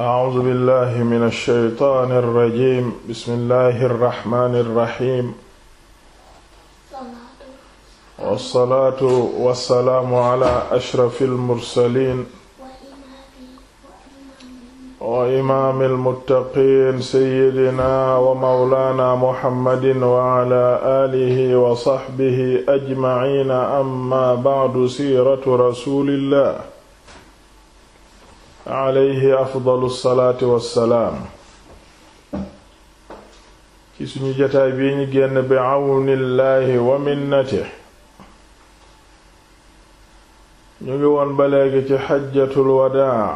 أعوذ بالله من الشيطان الرجيم بسم الله الرحمن الرحيم والصلاة والسلام على أشرف المرسلين وإمام المتقين سيدنا ومولانا محمد وعلى آله وصحبه أجمعين أما بعد سيرة رسول الله alayhi afdalu salaati wassalaam ci suñu jataay bii ñu génn bi àwnillaahi wa minnati ñu ngi woon ba léegi ci xajjatul wadaa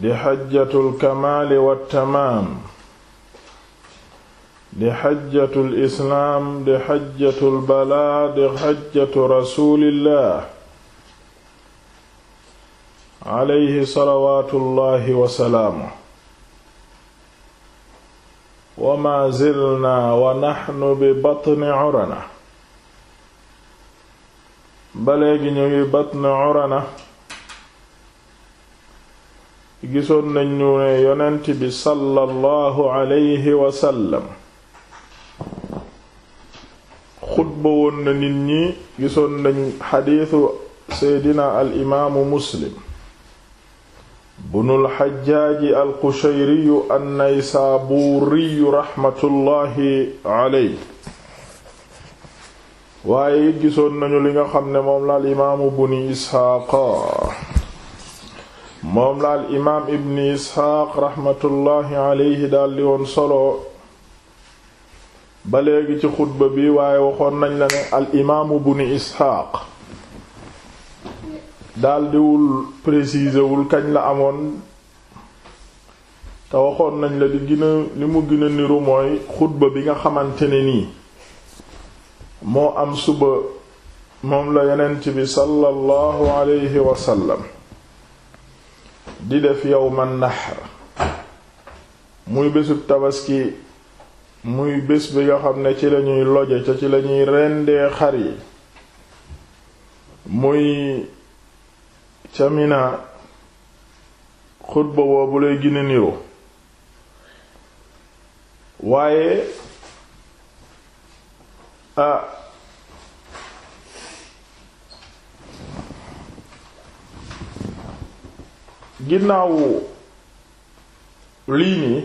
di xajjatul kamaali wa tamaam di xajjatul islaam di xajjatul balaa di xajjatu rasuulillah alayhi salawaatullahi wasalaamu wa ma zilna wa naxnu bi batni urana ba léegi ñu ngi batni urana gisoon nañu ne yonent bi sallallahu alayhi wasallam xutba woon na nit ñi gisoon nañu xadiisu seydina alimaamu imaamu muslim bunul xajjaaji alqushayriyu annaysaabuuriyu raxmatullahi aley waaye it gisoon nañu li nga xam ne moom la al moom la al imaam ibni isxaaq raxmatullahi aleyhi daldi woon solo ba léegi ci xutba bi waaye waxoon nañ la ne al imaamu buni isxaaq daldiwul préciser wul kañ la amoon te waxoon nañ la di gën li mu gën niru mooy xutba bi nga xamante ni nii moo am suba moom la yonent bi sallallahu alayhi wa sallam di def yawman nahr muy bésu tabaski muy bés bi nga xam ne ci lañuy loje ca ci lañuy rendee xar yi muy ca Mina xutba boobu lay gën a waaye a ginnaaw lii nii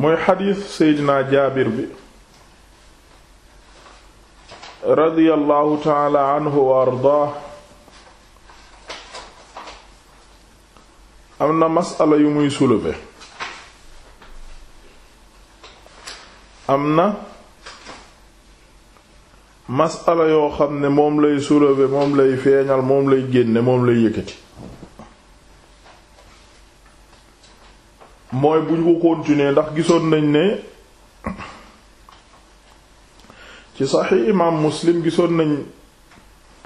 mooy xadiis Seydina Jaabir bi radiyallahu taala anhu wa am na masala yu muy soulever am na masala yoo xam ne moom lay soulever moom lay feeñal moom lay génne moom lay yëkkati mooy bu ñu ko continuer ndax gisoon nañ ne ci saxi imaam muslim gisoon nañ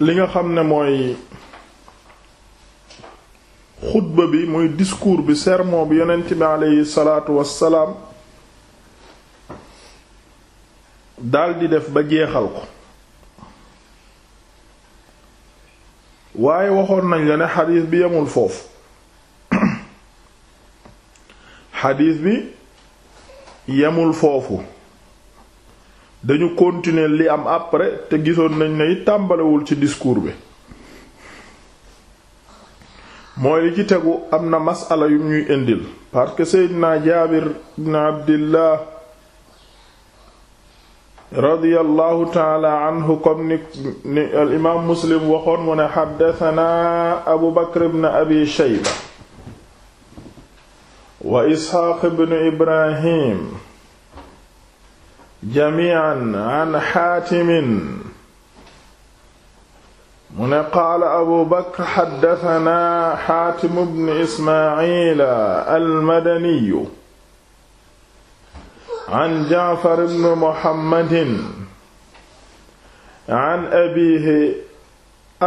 li nga xam ne mooy xutba bi muy diskuur bi sermon bi yonent bi aleyhi salaatu wassalaam daldi def ba jeexal ko waaye waxoon nañ la ne xadiis bi yemul foofu xadiis bi yemul foofu dañu continuer li am après te gisoon nañ ne tàmbaliwul ci discours bi mooy li ci tegu am na masala yu ñuy indil parce que Seydina Jaabir ibn Abdillah radiyallahu taala anhu comme ni al imaam Muslim waxoon mu ne xaddatanaa Abu Bakr ibn Abi Shayba wa Isxaaq ibn Ibrahim jamii'an an xaatimin mu ne qaala abu bakr xaddatanaa xaatim bn ismaaciila almadaniyu an jaafar bn muhammadin an abiihi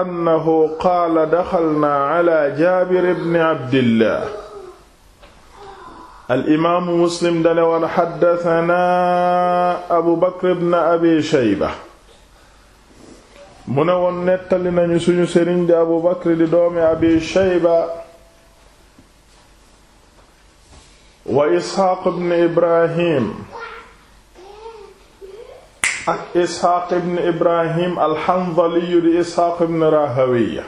annahu qaala daxalnaa calaa jaabir bn abdillah alimaamu muslim dane woon xaddatanaa abu bakr bn abi sheyba mu ne woon nettali nañu suñu sëriñ di abu bakr di doomi abi sheyba wa isxaaq bn ibrahim ak isxaaq bn ibrahim alxandaliyu di isxaaq bn rahawiya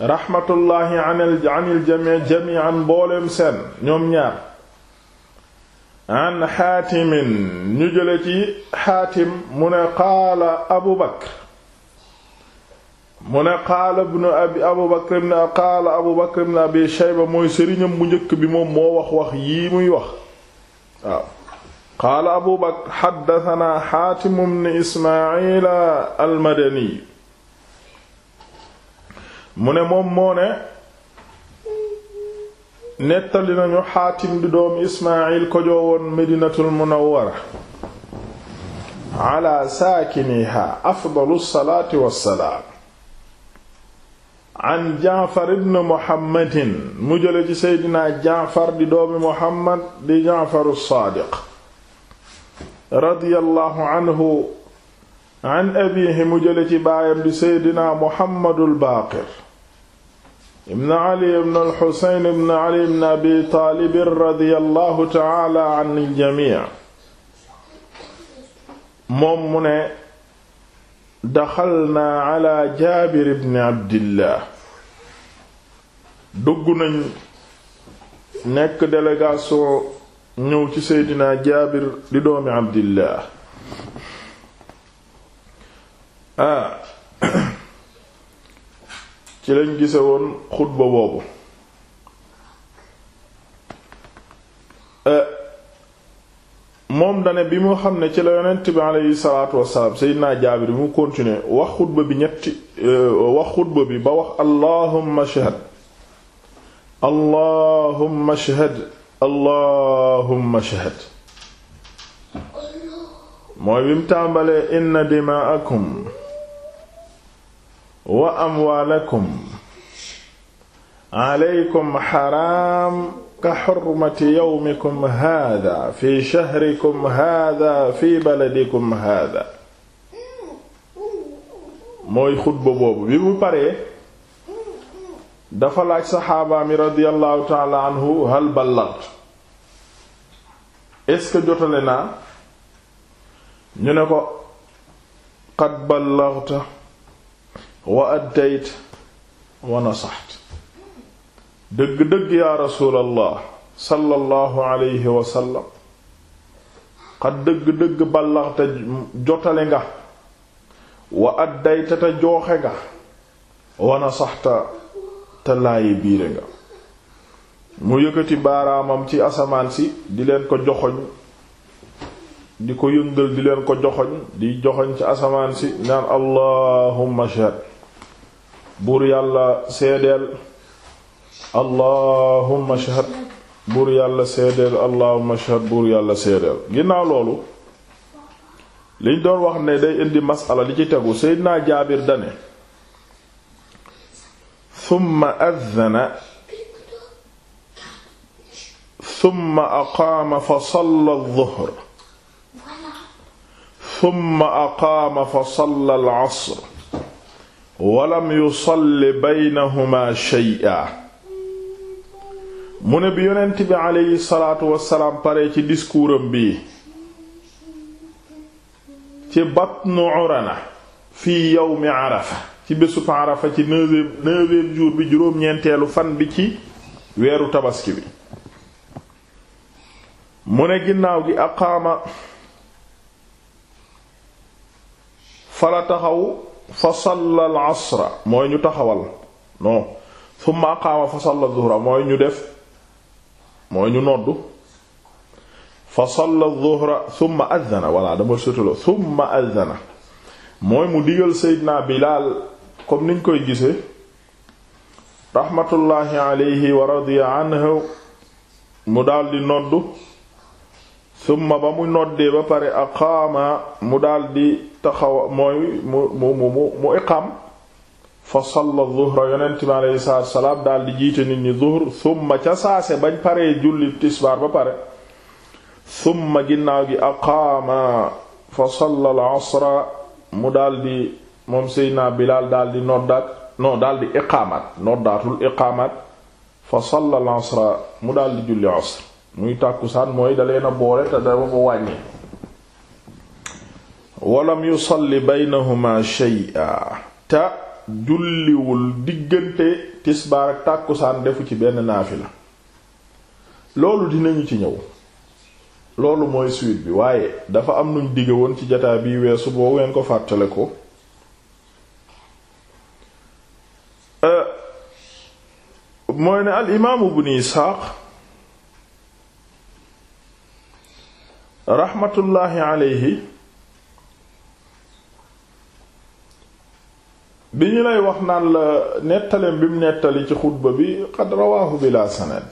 raxmatullahi anil jamii jamii'an mbooleem seen ñoom ñaar an xaatimin ñu jële ci xaatim mu ne qaala abu bakr mu ne qaala abu bakr ibn qaala abu bakr ibn abi shayba mooy sëriñam bu njëkk bi moom moo wax wax yii muy wax waaw qaala abu bakr xaddatanaa xaatim ibn ismaayila almadani mu ne moom moo ne nettali nañu xaatim di doomu ismaayil ko joowoon medinatul munawwara ala saakiniha afdalu salaati wassalaam an jaafar ibn muhammadin mu jële ci seydinaa jaafar di doomi muhammad di jaafaru saadiq radiyallahu anhu an abiihi mu jële ci baayam di seydinaa muhammadul baaqir ibn ali ibn ali ibn abi taalib radiyallahu taala an aljamii moom mu ne daxalnaa ala jaabir ibn abdillah dugg nañ nekk délégation ñëw ci seydina jaabir di doomi abdillah ah ci lañ gise woon xutba boobu euh, moom dane bi mu xam ne ci la yonent bi aleyhi salaatu wasalaam seydinaa jaabir bi mu continuer wax xutba bi ñetti euh, wax xutba bi ba wax allahumma ashhad allahumma ashhad allahumma ashhad mooy bi mu tàmbalee inna dimaakum wa amwaalakum aleykum xaraam ka xurmati yawmikum haadaa fi shahrikum haadaa fi baladikum haadaa mooy xutba boobu bi mu paree dafa laaj saxaaba mi radiyallahu taala anhu hal ballat est-ce que jotale naa ñu ne ko qad ballagta wa addayt wa nasaxt dëgg-dëgg yaa rasuulallah sallallahu alayhi wa xad dëgg-dëgg ballaxte jotale nga wa addayta te jooxe nga wa nasaxta te laayi biire nga mu yëkkati baaraamam ci asamaan si di leen ko joxoñ di ko yëngal di leen ko joxoñ di joxoñ ci asamaan si naan allahumma shahid buur yàlla seedeel allahumma ashhad buur yàlla seedeel allahumma ashhad buur yàlla seedeel ginnaaw loolu liñ doon wax ne day indi masala li ci tegu seydinaa jaabir dane thumma adhana thumma aqaama fa salla adh-dhuhr thumma aqaama fa salla al-'asr walam yusalli baynahuma shay'a mu ne bi yonent bi aleyhi salaatu pare ci discours am bii ci batnu urana fii yawmi arafa ci bésub arafa ci neuvième neuvième jour bi juróom-ñeenteelu fan bi ci weeru tabaski bi mu ne ginnaaw gi aqaama fala taxaw fa salla al asra mooy ñu taxawal non summa aqaama fa salla zuhra mooy ñu def mooy ñu noddu fa salla zuhra summa addana walla dama sotalo summa addana mooy mu digal seydina bilaal comme niñ koy gisee raxmatullaahi alayhi wa radiya anhu mu daldi noddu summa ba ba pare daldi taxaw mooy mu mu mu mu julli tisbaar ba pare summa ginnaaw gi aqaama fa salla al mu daldi moom seydna Bilaal daldi noddaat non daldi iqaamaat noddaatul iqaamaat fa salla al mu daldi julli asr muy tàkkusaan mooy da leen a boole te dama ko wàññi walam yusalli baynahuma shay'a te julliwul diggante tisbaar ak tàkkusaan defu ci benn naafila loolu dinañu ci ñëw loolu mooy suite bi waaye dafa am nuñ digge woon ci jataa bi weesu boo ngeen ko fàttale ko euh, mooy ne al imaamu ibnu Isaaq raxmatullaahi alayhi bi ñu lay wax naan la nettaleem bi mu nettali ci xutba bi qad rawaahu bila sanad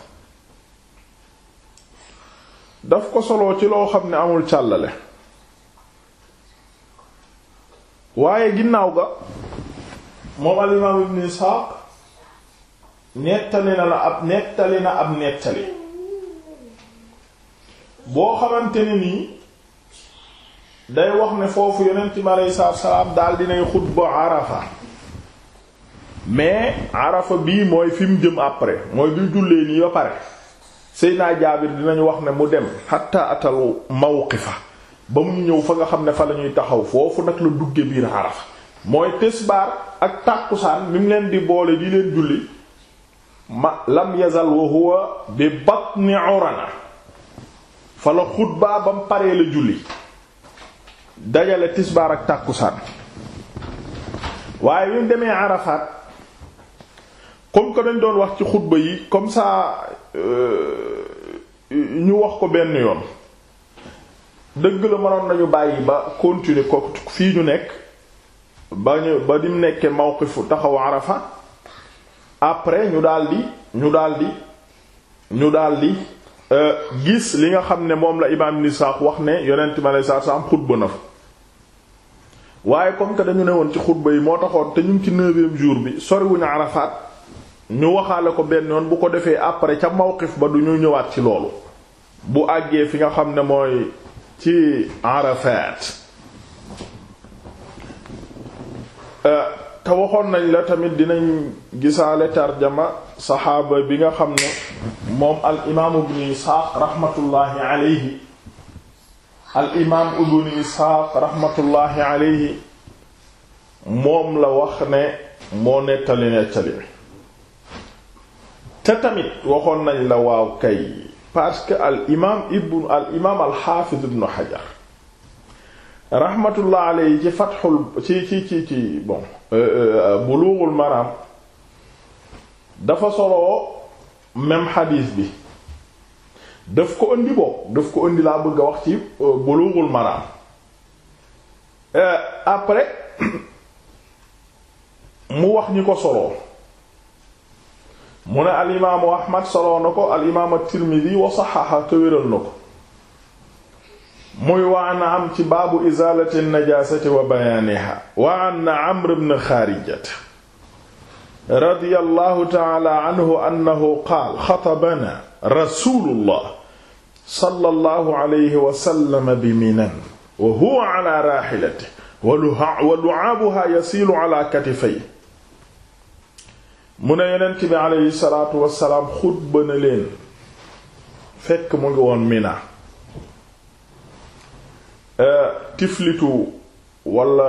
daf ko solo ci loo xam ne amul càllale waaye ginnaaw ga moom al imaam ibn Isxaaq nettali na la ab nettali na ab nettali boo xamante ne nii day wax ne foofu yonent bi aleyhi salaatu salaam daal dinay xutba arafa mais arafa bii mooy fi mu jëm après mooy duy jullee nii ba pare Seydina Jaabir dinañ wax ne mu dem hatta atal mawqifa ba mu ñëw fa nga xam ne fa lañuy taxaw foofu nag la dugge biir arafa mooy tisbaar ak tàkkusaan mi mu leen di boole di leen julli ma lam yazal wa huwa bi fa la xutbaa ba mu paree la julli dajale tisbaar ak tàkkusaan waaye bi mu demee Arafat comme que dañ doon wax ci xutba yi comme ça euh, ñu wax ko benn yoon dëgg la mënoon nañu bàyyi ba continuer ko fii ñu nekk ba ñu ba dim nekkee mawqifu taxaw Arafat après ñu daldi ñu daldi ñu daldi Euh, gis li nga xam ne moom la imaam ibn Isaaq wax ne yonent mi alayhi salaatu salaam xutba na fa waaye comme que dañu ne woon ci xutba yi moo taxoon te ñun ci neuvième jour bi soriwuñu Arafat ñu waxaale ko benn yoon bu ko defee après ca mawqif ba du ñu ñëwaat ci loolu bu àggee fi nga xam ne mooy ci Arafat euh, te waxoon nañ la tamit dinañ gisaale tarjama saxaaba bi nga xam ne moom al imaam ibnu isxaaq raxmatullaahi alayhi al imaam ibnu isxaaq raxmatullaahi alayhi moom la wax ne moo nettali nettali te tamit waxoon nañ la waaw kay parce que al imaam ibnu al imaam al xaafiz ibnu xajar raxmatullaahi alayhi ci fatxul ci ci ci bon Euh, euh, euh, bulughul maram dafa soloo même xadiis bi daf ko indi bokk daf ko indi laa bëgg a wax ci bulughul maram après mu wax ñi ko soloo mu ne al imaamu ahmad soloo na ko al imaam at-tirmidhi wa saxaaxa te na ko muy wa an am ci baabu izalati najasati wa bayaaniha wa an amr ibn xaarijata radiyallahu ta'ala anhu annahu qaal xatabana rasulullah sallallahu alayhi wa sallam bi minan wa huwa ala raahilatihi wa lu'aabuha yasiilu ala katifayhi mu ne yonent bi alayhi salaatu wa salaam xutba na leen fekk mu ngi woon Mina Euh, tiflitu wala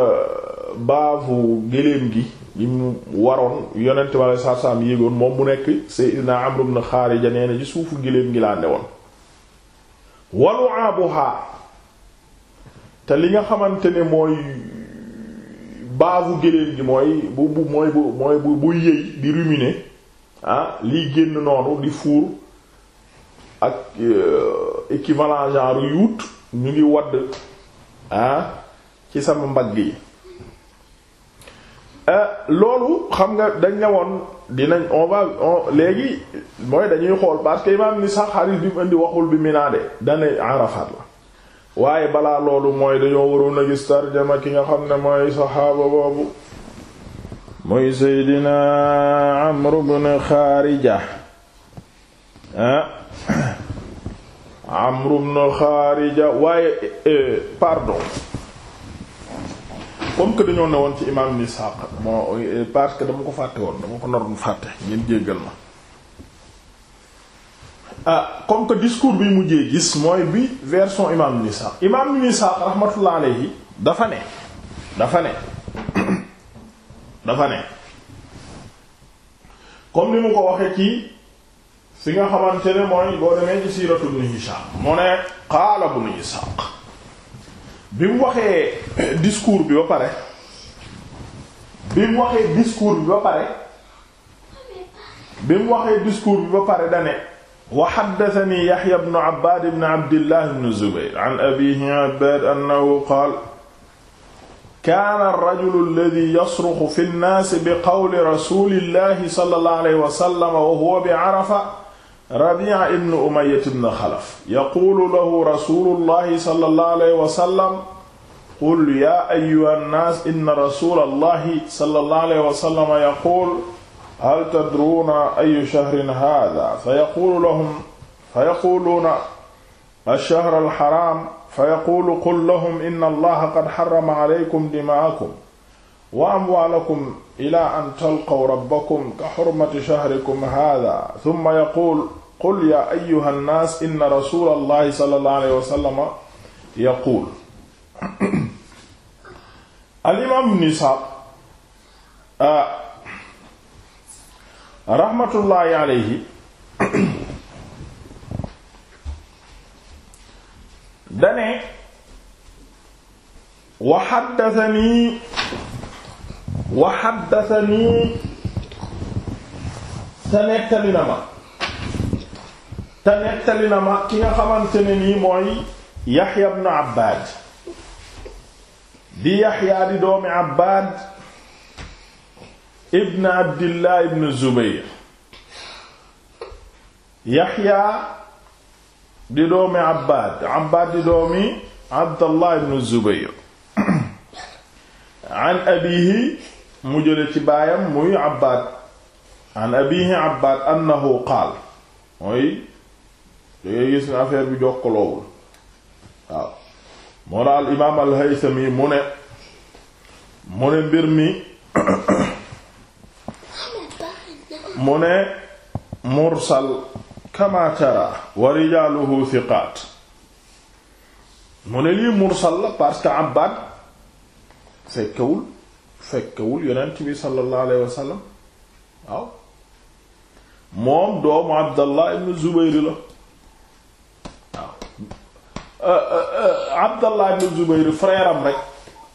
baafu géléem gi li mu waroon yonent bi alei satu salaam yéegoon moom mu nekk Seydina Amr ibn Xaarija nee na ci suufu géléem gi laa ne woon walu aabuhaa te li nga xamante ne mooy baafu géléem gi mooy bu bu mooy bu mooy bu bu yëy di ruminer ah, liy génn noonu di fuur ak euh, équivalent genre yuut ñu ngi wadd ah ci sama mbagg yi ah, loolu xam nga dañ ne woon dinañ on va léegi mooy dañuy xool parce que imaam ni sax xaris bi mu indi waxul bi Mina de dane Arafat la waaye balaa loolu mooy dañoo waroon a gis a ki nga xam ne mooy saxaaba boobu mooy Seydina Amr ibn Xaarija ah. Amr ibn Kharija waaye eh, eh, pardon comme que dañoo newoon ci imaam Ibn Ishaq moo eh, parce que dama ko fàtte woon dama ko naroon fàtte ngeen jéggal ma ah comme que discours bi mujjee gis mooy bi version imaam Ibn Ishaq imaam Ibn Ishaq rahmatullah alayhi dafa ne dafa ne dafa ne comme ni mu ko waxee ci fi nga xamante ne mooy boo demee ci siiratu Ibn Hisham mu ne qaala Ibn Ishaq bi mu waxee discours bi ba pare bi mu waxee discours bi ba pare bi mu waxee discours bi ba pare dane wa haddathani Yahya ibn Abbad ibn Abdillah ibn Zubayr an abihi Abbad annahu qaala kaana rajulu alladi yasruxu fi nnaasi bi qawli rasulillahi sallallahu alayhi wa sallam wa huwa bi Arafa rabi'a ibn umayya ibn xalaf yaquulu lahu rasulullahi sallallahu alayhi wa sallam qul yaa ayyuha nnaas inna rasulallahi sallallahu alayhi wa sallam yaquul hal tadruuna ayu shahrin haadha fa yaquulu lahum fa yaquuluuna ash-shahr al-haraam fa yaquulu qul lahum inna allaha qad harrama alaykum dimaa'akum wa amwaalakum ilaa an talqaw rabbakum ka xurmati shahrikum haadaa summa yaquul qul yaa ayyuha nnaas inna rasuulallahi sallallahu alayhi wa sallam yaquul. al-imaam ibn Isxaaq uh, raxmatullaahi alayhi dane wa haddathanii wa haddathanii te nettali na ma te nettali na ma ki nga xamante ne nii mooy Yaxya ibn Abbaad di Yaxya di doomi Abbaad ibn Abdillah ibn Zubayr Yaxya di doomi Abbaad Abbaad di doomi Abdallah ibn Zubayr an abiihi mu jële ci baayam muy Abbaad an abihi Abbaad annahu qaal mooy dangay gis nga affaire bi jokkaloowul waaw moo la al imaam al Haythami mu ne mu ne mbir mi mu ne mursal kama tara wa rijaaluhu thiqaat mu ne lii mursal la parce que Abbaad fekkewul fekkewul yonent bi sallallahu alayhi wa sallam waaw moom doomu abdallah ibn zubayr la waaw euh, euh, euh, abdallah ibn zubayr frère am rek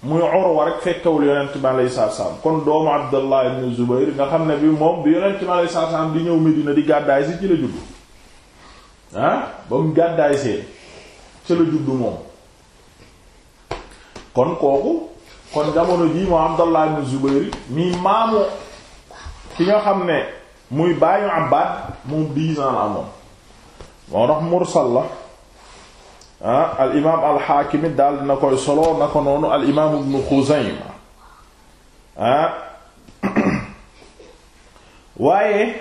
muy Urwa rek fekkewul yonent bi alayhi salaatu salaam kon doomu abdallah ibn zubayr nga xam ne bi moom bi yonent bi alayhi salaatu salaam di ñëw Medina di gàddaay si ci la juddu ah ba mu gàddaay see ci la juddu moom kon kooku kon jamono ji moo Abdallah ibn Zubayr mi maamu ki nga xam ne muy bàyyi Abbad moom dix la amoon moo tax mursal la ah, al imaam al Hakim daal dina koy solo na ko noonu al imaam ibn Khuzayma ah. waaye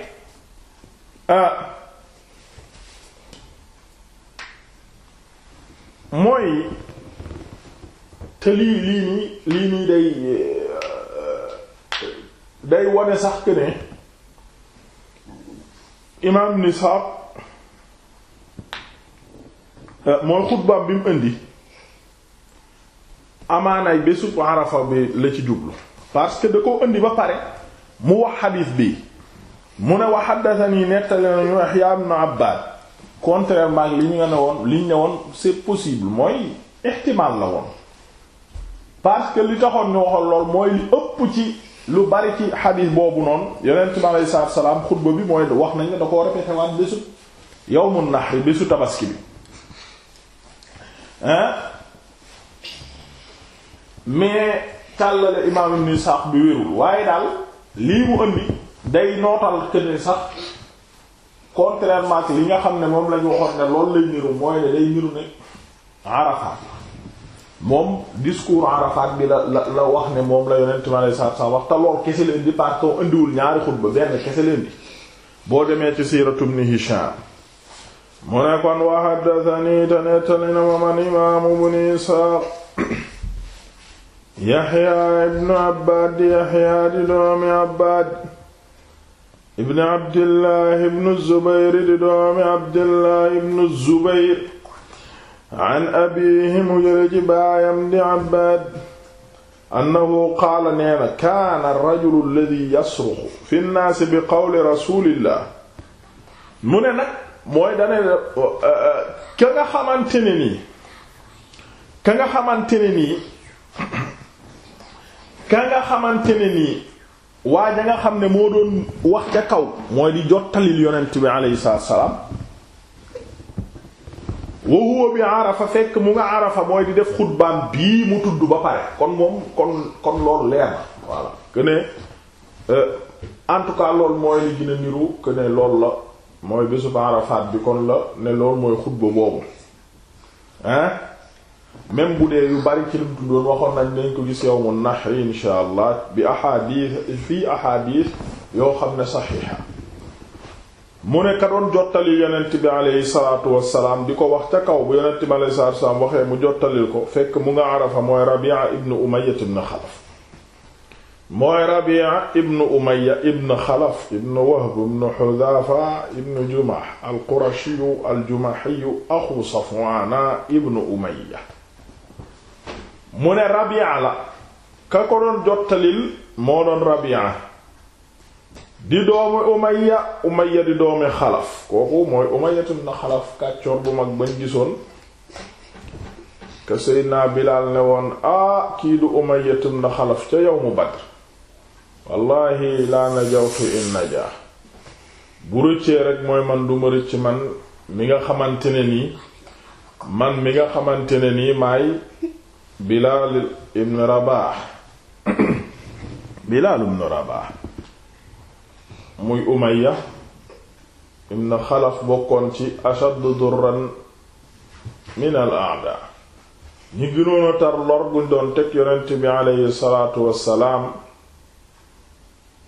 ah, mooy. te lii lii nii lii nii day eh, day wone sax que ne imaam Ibn Isxaaq eh, mooy xutbaam bi mu indi amaanaay bésub Arafa bi la ci jublu parce que da koo indi ba pare mu wax xadiis bi mu ne wa haddathanii nettali nañu Yahyaa ibn Abbaad contrairement li ñu nga ne woon li ñu ne woon c'est possible mooy ihtimaal la woon parce que li taxoon ñu waxoon lool mooy li ëpp ci lu bari ci xadiis boobu noonu yonent bi aleyhi salaatu wa salaam xutba bi mooy wax nañ ne da koo répété waat bésu yawmu nahri bésu tabaski bi mais tàllale imaam ibn Isaaq bi wérul waaye daal lii mu indi day nootal këne sax contrairement li nga xam ne moom lañuy waxoon ne loolu lay niru mooy ne day niru ne Arafa moom discours Arafat bi la la la wax ne moom la yonent mi alei satu lool kese leen di parce que indiwul ñaari xutba benn kese leen di boo demee ci siiratu Ibn Hisham mu ne kon wa haddathani te nettali na ma man imaam Ibn Isaaq ibnu Abbad di di doomi Abbad ibnu Abdillah ibnu Zubayr di doomi Abdillah ibnu Zubayr an abiihi mu jële ci baayam di abbaad annahu qaala nee na kaana rajulu alladi yasruxu fi nnaasi bi qawli rasulillah mu ne nag mooy dane euh, euh, ka nga xamante ne nii ka nga xamante ne ni ka nga xamante ne nii waa nga xam ne moo doon wax ca kaw mooy di jottalil yonent bi aleyhi salaam wa bi arafa fekk mu nga arafa mooy di def xutbaam bii mu tudd ba pare kon moom kon kon loolu leer na voilà que ne euh, en cas loolu mooy li gën a niru que ne la mooy bésu arafaat bi kon la ne loolu mooy xutba boobu hein même bu dee yu bari ci lim tuddoon waxoon nañ nañ ko gis yawmu nahr insha allah bi ahadith fii ahadith yoo xam ne saxiixa mu ne ka doon jottali yonent bi aleyhi salaatu wassalaam di ko wax ca kaw bu yonent bi aleyhi salaatu wassalaam waxee mu jottalil ko fekk mu nga Arafa mooy Rabia ibn Umayya ibn mooy Rabia ibn Umayya ibn Xalaf ibn Wahb ibn Hudaafa ibn Jumah al-Qurashiyu axu Safwaana ibn Umayya mu ne Rabia la ka ko doon jottalil moo doon Rabia di doomi umayya umayya di doomi xalaf kooku mooy umayyatum na xalaf kàccoor bu mag bañ gisoon ka naa bilaal ne woon a ah, kii du umayyatum na xalaf ca yawmu badr wallahi laa najawtu in najaa bu rëccee rek mooy man du ma rëcc man mi nga xamante ne nii man mi nga xamante ne nii maay bilaal ibn muy Umayya ibn Xalaf bokkoon ci ashad durran min al aada ñi gënoon tar lor doon teg yonent bi aleyhi salaatu wassalaam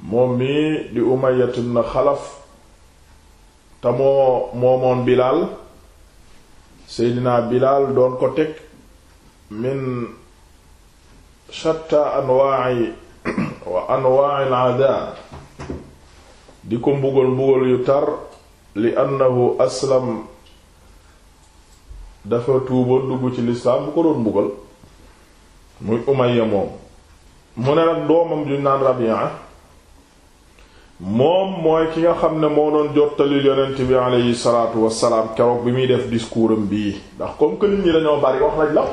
moom mi di Umayya ibn Xalaf te moomoon Bilaal Seydina Bilaal doon ko teg min shatta anwaa'i wa al aada di ko mbugal mbugal yu tar li annahu aslam dafa tuuboon dugg ci lislaam bu ko doon mbugal muy Umayya moom mu ne nag doomam ju naan Rabi'a moom mooy ki nga xam ne moo doon jottali yonent bi aleyhi salaatu wassalaam keroog bi muy def discours am bii ndax comme que nit ñi bari wax lañ la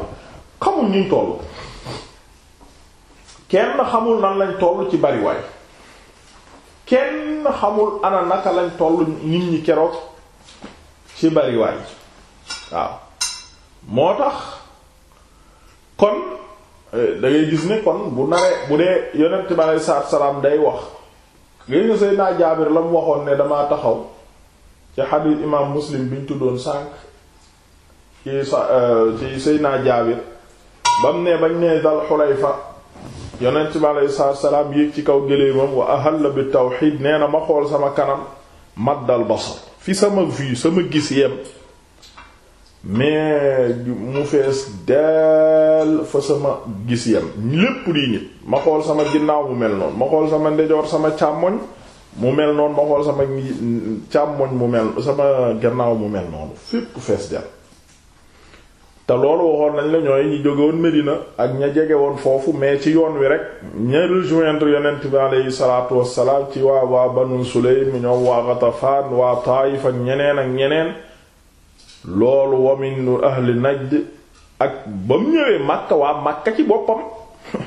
xamul ñu tollu kenn xamul nan lañ tollu ci bariwaay kenn xamul ana naka lañ toll nit ñi keroog ci bariwaay waaw moo tax kon eh, dangay gis ne kon bu naree bu dee yonent bi salaam day wax gis nga Seydina Jaabir la mu waxoon ne damaa taxaw ci xadiis imaam Muslim bi ñu tuddoon sànq ci sa naa eh, Seydina Jaabir ba mu ne bañ ne dal Xulayfa yonent bi aleyhi salaatu wa salaam yéeg ci kaw géléemam wa ahalla bi tawxiid nee na ma xool sama kanam maddal basar fi sama vue sama gis yem mais mu fees dell fa sama gis yem lépp di nit ma xool sama ginnaaw mu mel noonu ma xool sama ndejoor sama càmmoñ mu mel noonu ma xool sama càmmoñ mu mel sama gannaaw mu mel noonu fépp fees dell te loolu waxoon nañ la ñooy ñi jóge woon Medina ak ña jege woon foofu mais ci yoon wi rek ña rejoindre yonent bi aleyhi salaatu wassalaam ci waa waa Banu Sulaym ñoom waa Ghatafaan waa Taayif ak ñeneen ak ñeneen loolu wa min ahli Najd ak ba mu ñëwee Makka waa Makka ci boppam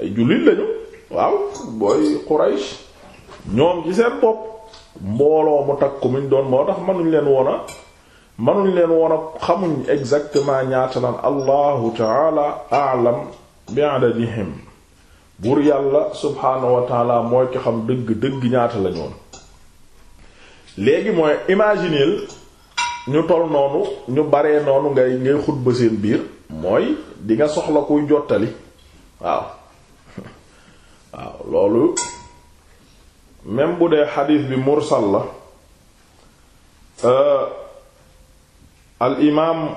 ay jullit lañu waaw booy Quraysh ñoom ci seen bopp mbooloo mu takku muñ doon moo tax mënuñ leen woona manuñ leen woon a xamuñ exactement ñaata lan allahu taala alam bi adadihim buur yàlla subhaanahu wa taala mooy ki xam dëgg dëgg ñaata la léegi mooy imagineel ñu tol noonu ñu baree noonu ngay ngay xutba seen biir mooy di nga soxla kuy jottali waaw waaw loolu même bu dee xadiis bi mursal la euh, al imaam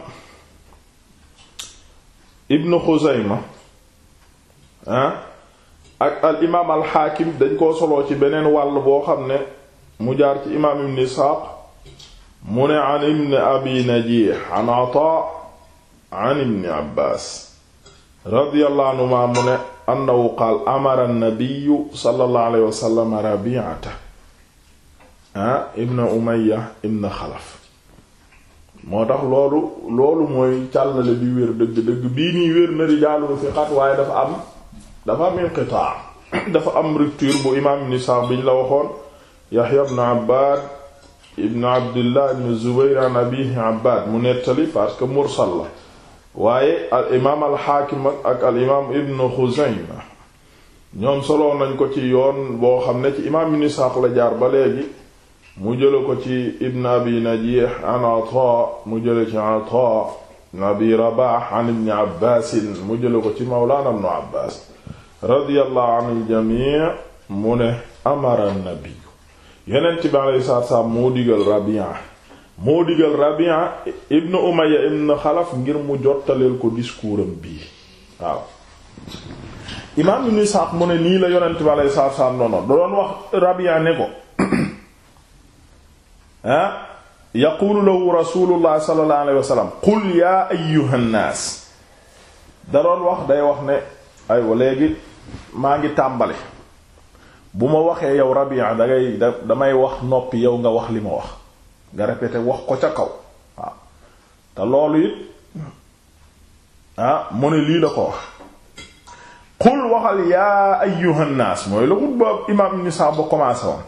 ibnu xuzayma ah, ak al imaam al xaakim dañ koo soloo ci beneen wàll boo xam ne mu jaar ci imaam ibn isxaaq mu ne abi najiix an ataa an ibn abbaas radiyallahu anhuma qaal amara nabiyu sallallahu alayhi wasallam rabiata ah xalaf moo tax loolu loolu mooy càllale bi wér dëgg-dëgg bii nii wér na rijaalun thiqat waaye dafa am dafa am inqitaa dafa am rupture bu imaam ibn Sa'd biñ la waxoon Yahya ibn Abbad ibn Abdullah ibn Zubayr an abihi Abbad mu nettali parce que mursal la waaye al imaam al Hakim ak al imaam ibn Khuzayma ñoom soloon nañ ko ci yoon boo xam ne ci imaam ibn la jaar ba léegi mu jële ko ci ibn abi najih an ata mu jële ci ata ibn abi an ibni abbasin mu jële ko ci mawlana ibnu abbas radiyallahu anil jamii mu ne amara nabiyu yonent bi alayhi salaatu salaam moo digal rabia moo digal rabia ibn umaya ibn xalaf ngir mu jottaleel ko discours am bii waaw imaam ibn Isaaq mu ne nii la yonent bi alayhi salaatu salaam noonu doon wax rabia ne ko ah yaquulu lahu rasulullah sallallahu alayhi wa sallam qul yaa ayyuhannaas da wax day wax ne aywa léegi maa ngi tàmbali bu ma waxee yow Rabi'a dangay damay wax noppi yow nga wax li ma wax nga répété wax ko ca kaw te loolu it ah mu ne lii la ko wax qul waxal yaa ayyuhannaas mooy la xutba imaam Ibn ba commencé woon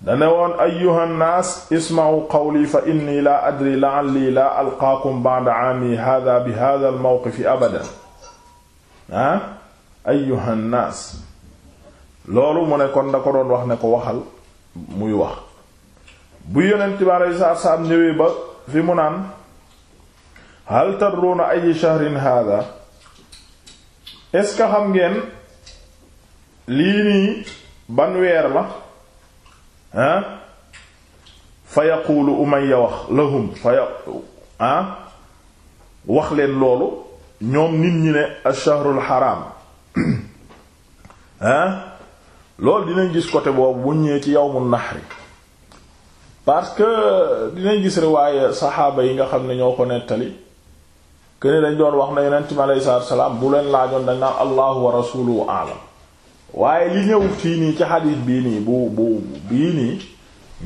dane woon ayyuha nnaas isma'u qawli fa inni la adri la'alli la alqaakum ba'da 'aami hadha bi hadha al-mawqifi abadan ah loolu mu ne kon da ko doon wax ne ko waxal muy wax bu yonent bi alayhi salaatu salaam ñëwee ba fi mu naan hal tadruuna ay shahrin hada est xam ngeen lii nii ban weer la ah fa yaquulu umayya wax lahum fa ya ah wax leen loolu ñoom nit ñi ne ash-shahrul haram ah loolu dinañ gis côté boobu bu ñëwee ci yawmun nahri parce que dinañ gis riwaaye saxaaba yi nga xam ne ñoo ko nettali que ne dañ doon wax na yeneen mi alayhi salaatu salaam bu leen laajoon dañ naan allahu wa rasuluhu a'lam waaye li ñëw fii nii ci xadis bii nii bu bu bii nii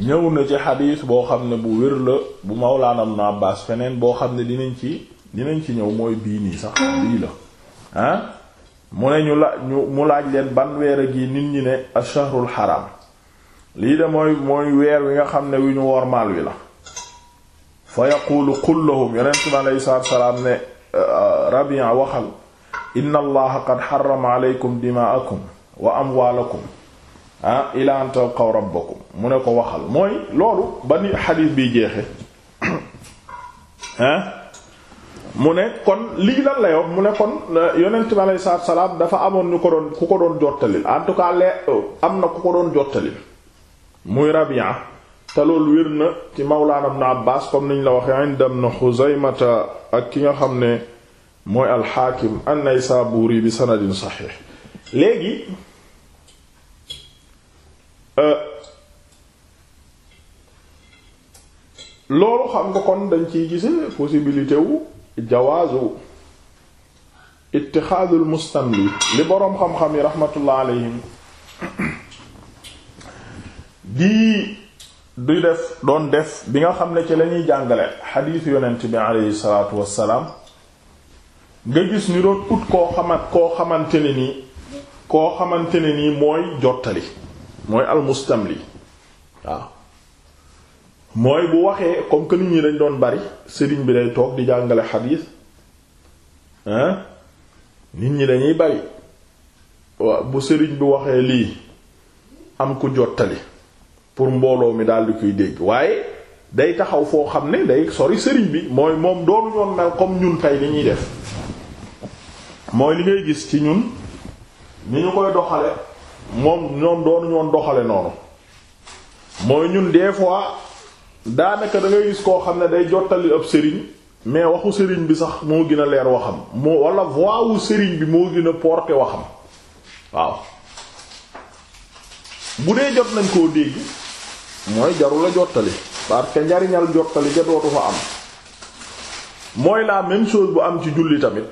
ñëw na ci xadis boo xam ne bu wér la bu Mawlaana Ibn Abbaas feneen boo xam ne dinañ ci dinañ ci ñëw mooy bii nii sax bii la ah mu ne ñu la mu laaj leen ban weer gi nit ñi ne ash-shahrul lii de mooy mooy weer wi nga xam ne wi ñu wormaal wi la fa yaquulu qul lahum yonent salaam ne rabia waxal inna allaha qad harrama aleykum dimaakum wa amwaalakum ah ila an talqaw rabbakum mu ne ko waxal mooy loolu ba ni xadiis bi jeexe ah mu ne kon lii lan la yoon mu ne kon yonent bi alayhi salaatu dafa amoon ñu ko doon ku ko doon jottalil en tout cas lee euh, am na ku ko doon jottalil muy Rabia te loolu wér na ci Mawlaana Ibn Abbaas comme niñ la waxee inda Ibn Xuzaymata ak ki nga xam ne mooy alxaakim an-Naysaabuuri bi sanadin saxiix léegi. Euh, loolu xam nga kon dañ ciy gise possibilité wu jawaazu itixaadul mustamli li boroom xam-xam yi rahmatullah alayhim di du def doon def bi nga xam ne ci lañuy jàngale xadiis yonent bi aleyhi salaatu salaam nga gis ni doon ut koo xamat koo xamante ne nii koo xamante ne nii mooy jottali mooy almustamli waaw mooy bu waxee comme que nit ñi dañ doon bari sëriñ bi day toog di jàngale xadiis hein nit ñi dañuy bari bu sëriñ bi waxee lii am ku jottali pour mbooloo mi daal di koy dégg waaye day taxaw foo xam ne day sori sëriñ bi mooy moom doonu ñoon mel comme ñun tey li ñuy def mooy li ngay gis ci ñun ni ñu koy doxale moom ñoom doonuñu woon doxale noonu mooy ñun des fois daanaka dangay gis koo xam ne day jottali ab sëriñ mais waxu sëriñ bi sax moo gën a leer waxam moo wala voix wu sëriñ bi moo gën a porter waxam waaw bu dee jot nañ koo dégg mooy jarul jottali parce que njariñal jottali ja dootu fa am mooy la même bu am ci julli tamit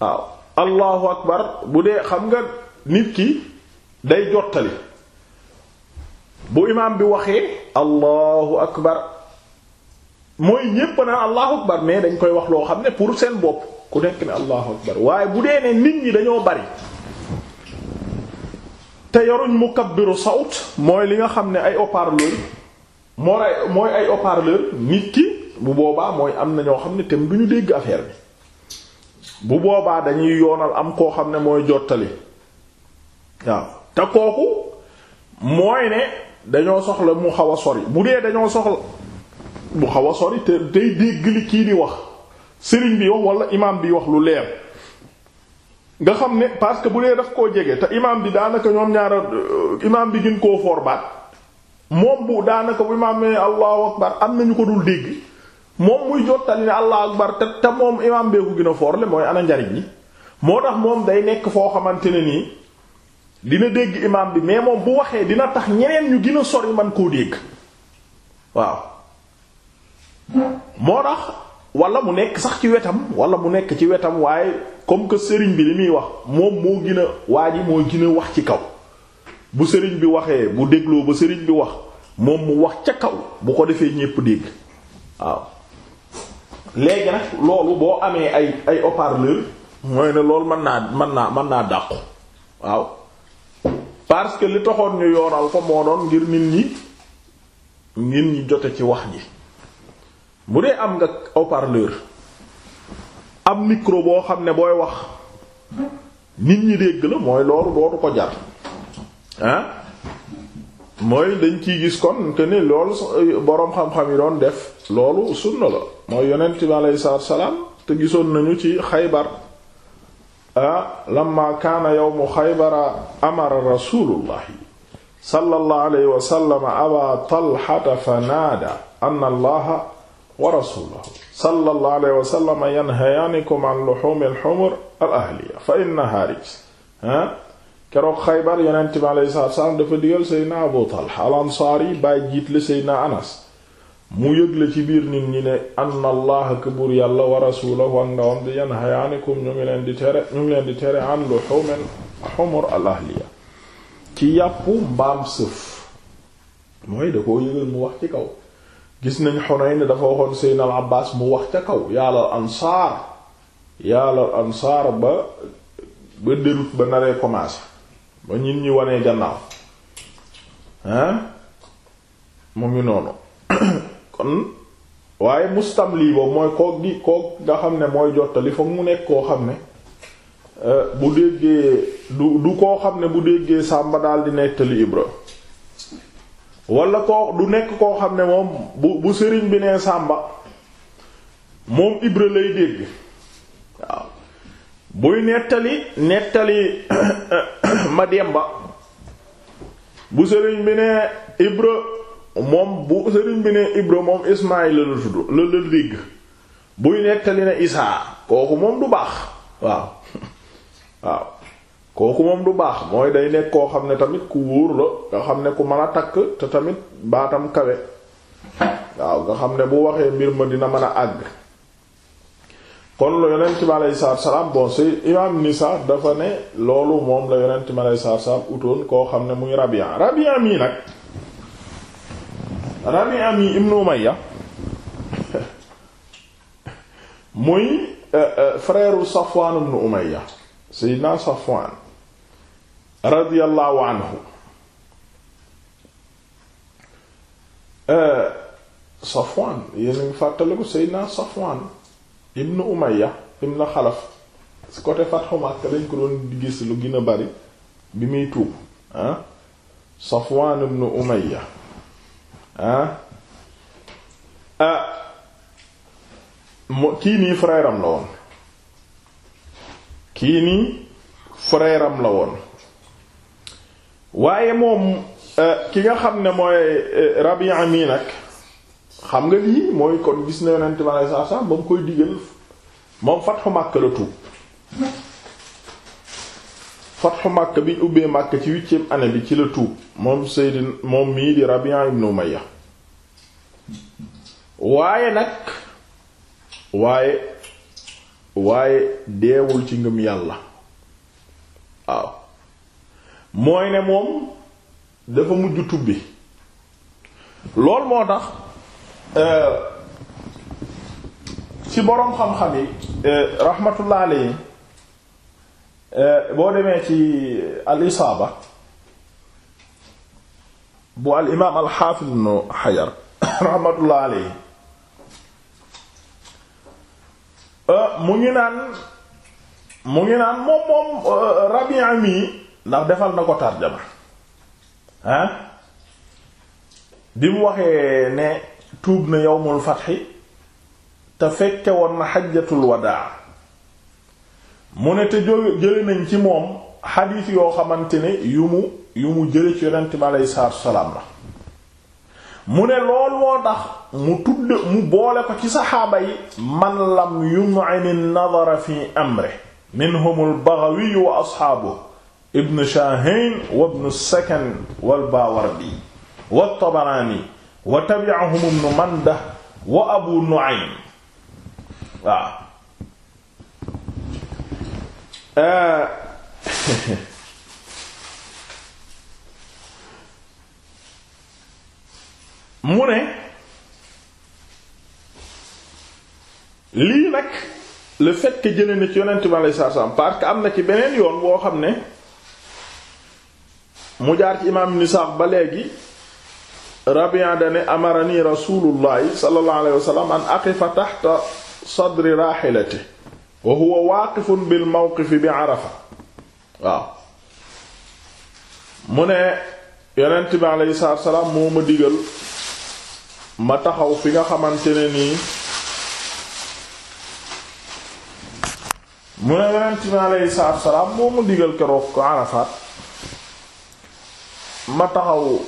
waaw allahu akbar bu dee xam nga nit ki day jottali bu imaam bi waxee allahu akbar mooy ñépp na allahu akbar mais dañ koy wax loo xam ne pour seen bopp ku nekk ne allahu akbar waaye bu dee ne nit ñi dañoo bari te yoruñ mukabbiru sawt mooy li nga xam ne ay haut-parleur mooy mooy ay haut nit ki bu boobaa mooy am na ñoo xam ne tam du ñu dégg affaire bi bu boobaa dañuy yoonal am koo xam ne mooy jottali waaw te kooku mooy ne dañoo soxla mu xaw a sori bu dee dañoo soxla mu xaw a sori te day dégg li kii di wax sëriñ bi wax wala imaam bi wax lu leer nga xam ne parce que bu dee daf koo jege te imaam bi daanaka ñoom ñaara euh, imaam bi gën koo foor baat moom bu daanaka bu imaam ne allahu akbar am na ñu ko dul dégg moom muy jottali ne allahu akbar te te moom imaam bee ko gën a foor le mooy ana njariñ li moo tax moom day nekk foo xamante ne nii. dina dégg imaam bi mais moom bu waxee dina tax ñeneen ñu gën sori man koo dégg waaw moo tax wala mu nekk sax ci wetam wala mu nekk ci wetam waaye comme que sëriñ bi li muy wax moom moo gën waa ji moo gën wax ci kaw bu sëriñ bi waxee bu dégloo ba sëriñ bi wax moom mu wax ca kaw bu ko defee ñépp dégg waaw léegi nag loolu boo amee ay ay haut mooy ne loolu mën naa mën naa mën naa dàqu waaw parce que li taxoon ñu yoonal ko moo doon ngir nit ñi ngir ñi jote ci wax ji mu dee am nga haut-parleur am micro boo xam ne booy wax nit ñi dégg la mooy loolu dootu ko jar ah mooy dañ ciy gis kon que ne loolu euh, boroom xam-xam yi doon def loolu sunna la mooy yonent bi alayhi salaam te gisoon nañu ci Xaybar Ah, lamma kaana yawmu xaybara amara rasulullahi sallallahu alayhi wa sallam aba talhata fa naada anna allaha wa rasulahu sallallahu alayhi wa sallam yanhayaanikum an luhumi al-humur al-ahliya fa innaha rijs ah, keroog xaybar yonent bi alayhi salaatu wa salaam dafa digal seydna abu talha al-ansaari bàyyi jiit la seydna anas mu yëgle ci biir nit ñi ne anna allah ka buur yàlla wa rasulahu ak ndawam di yanhayaanikum ñu ngi leen di tere ñu ngi leen di tere an lu xumen xumur al ahliya ci yàppu mbaam sëf mooy da koo yëgal mu wax ci kaw gis nañ Xunayn ne dafa waxoon seydna al abbas mu wax ca kaw yàllal ansaar yàllal ansaar ba ba dérut ba naree commencé ba ñit ñi wanee gannaaw hein mu ngi noonu kon waaye mustamli boobu mooy kook di kook nga xam ne mooy jottali foog mu nekk koo xam ne euh, bu déggee du du koo xam ne bu déggee sàmba daal di nettali ibra wala koo du nekk koo xam ne moom bu bu sëriñ bi nee sàmba moom ibra lay dégg waaw buy nettali nettali ma demba bu sëriñ bi nee ibra moom bu sëriñ bi ne Ibra moom Ismaayil la la tudd la la dégg buy nettali ne Isaa kooku moom du baax waaw waaw kooku moom du baax mooy day nekk koo xam ne tamit ku wóor la nga xam ne ku mën a takk te tamit baatam kawe waaw nga xam ne bu waxee mbir ma dina mën a àgg kon lu yonent bi aleyhi salaatu salaam bon si imaam nisa dafa ne loolu moom la yonent bi aleyhi salaatu salaam utoon koo xam ne muy Rabia Rabia mii nag Rabi'a mi ibnu Umayya muy euh, euh, frère Safwan ibnu Umayya Seydina Safwan radiyallahu anhu euh, Safwan yéen a ngi fàttaliku Seydina Safwan ibnu Umayya ibnu Xalaf ci côté Fathu Makka lañ ko doon gis lu gën a bari bi muy tuub ah ibnu Umayya ah mo kii nii frère la woon kii nii frère la woon waaye moom eh, ki nga xam ne mooy eh, Rabi'a mii nag xam nga lii mooy kon gis na yonent bi sallallahu alayhi wasallam ba koy digal moom Fathu Makka la tuub fatxu Makka bi ñu ubbee Makka ci huitième année bi ci la tuub moom Seydina moom mii di Rabi'a ibn Umayya waaye nag waaye waaye deewul ci ngëm yàlla waaw mooy ne moom dafa mujj tubbi loolu moo tax euh, ci boroom xam-xam yi euh, rahmatullah alayhi Eh, boo demee ci al isaaba bu al imaam al xaafiz ibnu xajar raxmatullah alayhi eh, mu ngi naan mu ngi naan moom moom eh, Rabi'a mi ndax defal na ko tarjama ah bi mu waxee ne tuub na yawmul fatxi te fekke woon na xajjatul wadaa mu ne te jële nañ ci moom xadiis yoo xamante ne yu mu yu mu jële ci yonent bi salaam la mu ne lool moo tax mu tudd mu boole ko ci saxaaba yi man lam yum'in an-nadara fi amri minhumul baghawi wa asxaabu ibn shaahin wa ibn sakan wal baawardi wa tabaraani wa tabi'ahum ibn mandah wa abu nu'aym waaw Euh, mu ne lii nag le fait que jëlee na ci yonent bi que am na ci beneen yoon boo xam ne mu jaar ci imaam Ibn ba léegi Rabi'a dane amarani rasulullahi sallallahu alayhi wa an aqifa tahta sadri rahilati wa huwa waaqifun bil mawqifi bi arafa waaw mu ne yonent bi aleyhi salaam moo ma digal ma taxaw fi nga xamante ne nii mu ne yonent bi aleyhi salaam moo ma digal keroog ko arafaat ma taxaw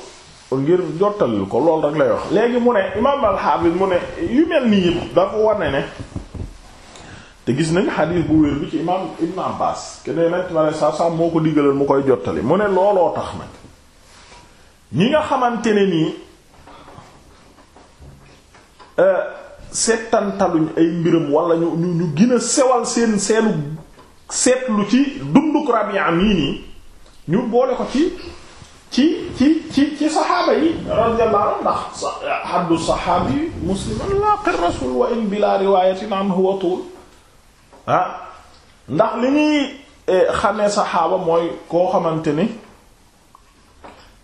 ngir jottalil ko loolu rek lay wax léegi mu ne imaam al mu ne yu mel nii yëpp dafa wane ne te gis nañ xadiis bu wér bi ci imaam Ibn Abbas kenn yonent bi aleyhi moo ko diggalal mu koy jottali mu ne looloo tax nag ñi nga xamante ne nii euh, seetantaluñ ay mbiram walla ñu ñu ñu sewal seen seenu seetlu ci dunduk Rabi'a mii nii ñu boole ko ci ci ci ci saxaaba yi radiyallahu anhu ndax haddu saxaabi musliman laaqi rasul wa in bila riwayatin anhu wa tul ah ndax li ñuy sa eh, saxaaba mooy koo xamante ni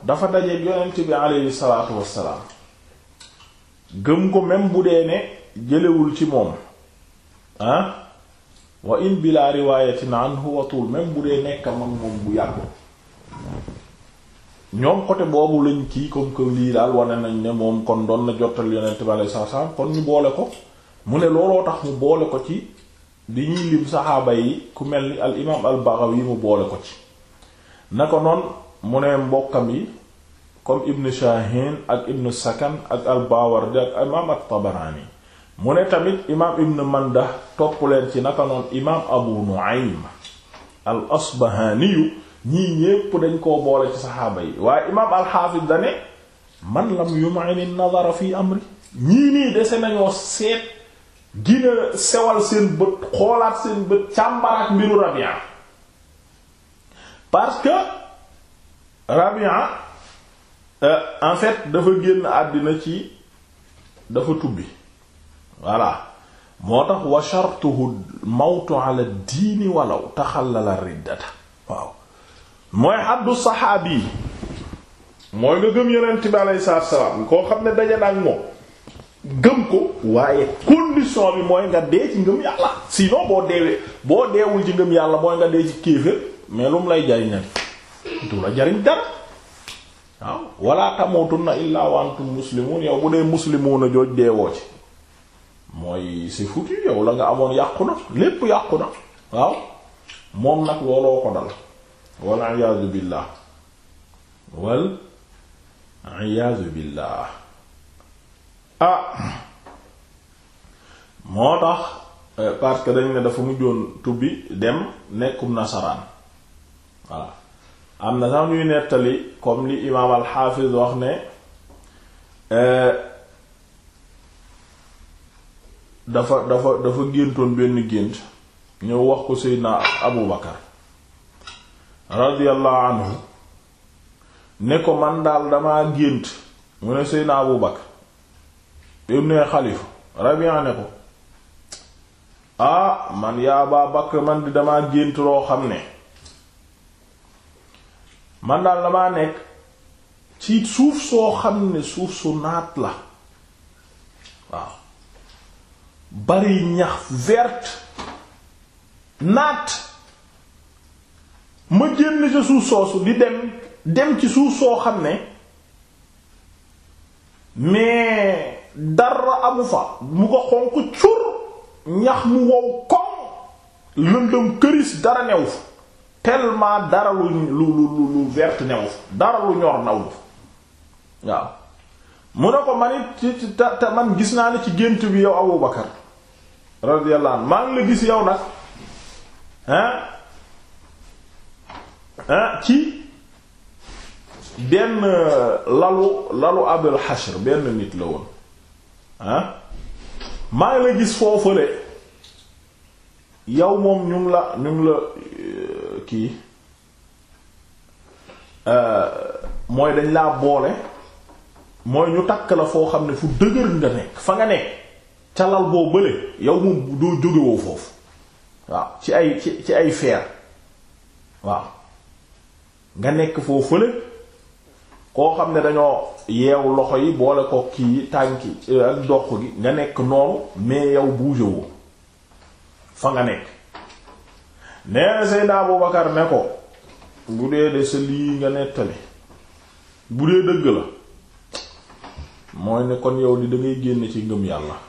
dafa dajeeg yonent bi aleyhi salaatu wassalaam gëm ko même bu dee ne jëlewul ci moom ah wa in bila riwayatin anhu watul même bu dee nekk ak moom bu yàgg ñoom côté boobu lañ kii comme que lii daal wane nañ ne moom kon doon na jottal yonent bi aleyhi salaatu wassalaam kon ñu boole ko mu ne looloo tax mu boole ko ci di ñuy lim saxaaba yi ku mel ni al imaam al Baghawi mu boole ko ci na ko noon mu ne mbokkam yi comme ibn Shahin ak ibn Sakan ak al Bawardi ak imaam at Tabarani mu ne tamit imaam ibn Mandah topp leen ci naka noon imaam Abu Nu'aym al Asbahaniyu ñii ñépp dañ ko boole ci saxaaba yi waaye imaam al Hafiz dane man lam yumaini nazara fi amri ñii nii dese nañoo seet gina sewal seen bët xoolaat seen bët càmbaraat mbiru Rabia parce que Rabia euh, en fait dafa génn àddina ci dafa tubbi voilà moo tax wa shartuhu mawtu ala diini walaw taxallala riddata waaw mooy xaddu saxaabi mooy nga gëm yonent bi aleyhi koo xam ne daje moom gëm ko waaye condition bi mooy nga dee ci ngëm yàlla sinon boo deewee boo deewul ci ngëm yàlla mooy nga dee ci kéefër mais lu lay jariñal du la jariñ dara waaw wala na illa wa antum muslimun yow bu dee a jooj deewoo ci mooy c'est foutu yow la nga amoon yàqu na lépp yàqu na waaw moom nag looloo ko dal wal iyaazu billah wal iyaazu billah ah moo tax euh, parce que dañ ne dafa mujjoon tubbi dem nekkum nasaraan voilà am na sax ñuy nettali comme li imaam alxaafiz wax ne euh, dafa dafa dafa géntoon benn gént ñëw wax ko seydna abu bakar radiyallahu anhu ne ko man daal damaa gént mu ne seydna abu bakar bim ne xalifa Rabi'a ne ko ah man yaa Abaa Bakr man di damaa gént loo xam ne man daal damaa nekk ci suuf soo xam ne suuf su naat la waaw bari ñax vert naat ma génn ca suuf soosu di dem dem ci suuf soo xam ne mais dara amu fa mu nga xonq cur ñax mu wow koŋ lëndëm këris dara new fa tellement dara lu lu lu lu vert new fa dara lu ñor naw waaw mu ne ko man it ta ta man gis naa la ci gént bi yow Abu Bakar radiyallahu anhu maa ngi la gis yow nag hein hein ci benn euh, lalu lalu Abul Hashr benn nit la woon maa ngi la gis foofale yow moom ñu la ñu ngi la euh, kii euh, mooy dañ laa boole mooy ñu takk la foo xam ne fu dëgër nga nekk fa nga nekk ca lal boo bële yow moom doo jógewoo foofu waaw ci ay ci ay feer waaw nga nekk foo fële koo xam ne dañoo yeewu loxo yi boole ko kii tànki euh, ak doq gi nga nekk noonu mais yow bougé woo fa nga nekk nee na Seydina Abubakar ne ko bu dee de sa lii nga nettali bu dee dëgg la mooy ne kon yow di da ngay génn ci ngëm yàlla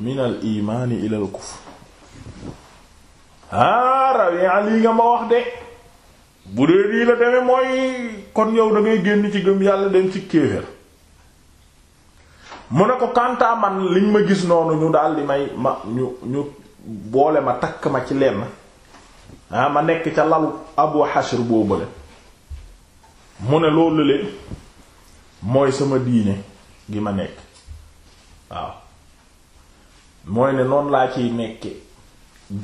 minal imaani ilal kufr aa rawi lii nga ma wax de bu dee nii la demee mooy kon yow da ngay génn ci gëm yàlla dem ci kéefër mu ne ko kantaa man liñ ma gis noonu ñu daal di may ma ñu ñu boole ma takk ma ci lenn ah, ma nekk ca lalu Abu Hashr boobale mu ne loolu leen mooy sama diine gi ma nekk waaw mooy ne noonu laa ci nekke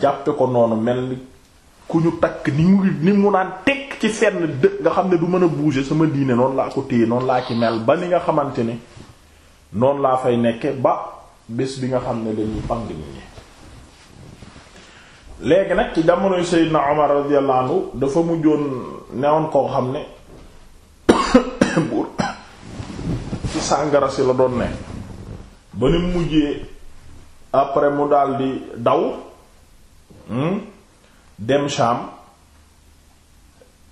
jàppe ko noonu mel ni ku ñu takk ni mu ni mu naan teg ci fenn dëkk nga xam ne du mën a bouger sama diine noon laa ko téye noonu laa ci mel ba ni nga xamante ne noonu laa fay nekke ba bés bi nga xam ne dañuy pang nit ñi léegi nag ci jamonoy Seydina Omar radiyallahu anhu dafa mujjoon newoon koo xam ne buur ci sàngara si la doon ne ba ni mujjee après mu di daw hmm? dem Sham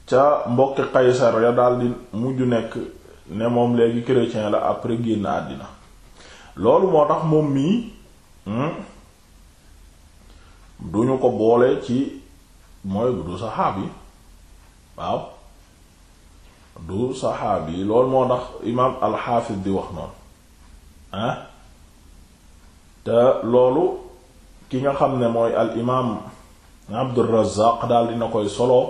ca mbokki Qaysar ya daldi mujj nekk ne moom léegi chrétien la après génn àddina loolu moo tax moom mii hmm, duñu ko boole ci mooy du saxaabi waaw du saxaabi loolu moo tax imaam alxaafis di wax noonu ah te loolu ki nga xam ne mooy al imaam Abdurrazzaq daal dina koy solo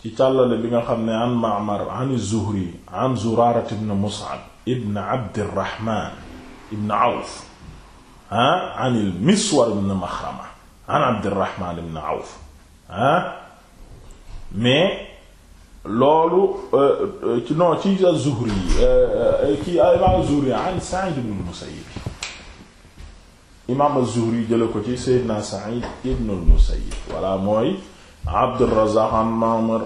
ci càllale bi nga xam ne an Ma'mar an Zuhri an Zuraarat ibn Mus'ab ibn Abdirrahman ibn Awf ah an al-Miswar ibn Maxrama an Abdirrahman ibn Awf ah mais loolu euh, euh, ci non ci Zuhri euh, kii Zuhri an Sa'id ibn al-Musayyib imaam az-Zuhri jële ko ci Seydina Sa'id ibn al-Musayyib walla mooy Abdurrazzaq an Ma'mar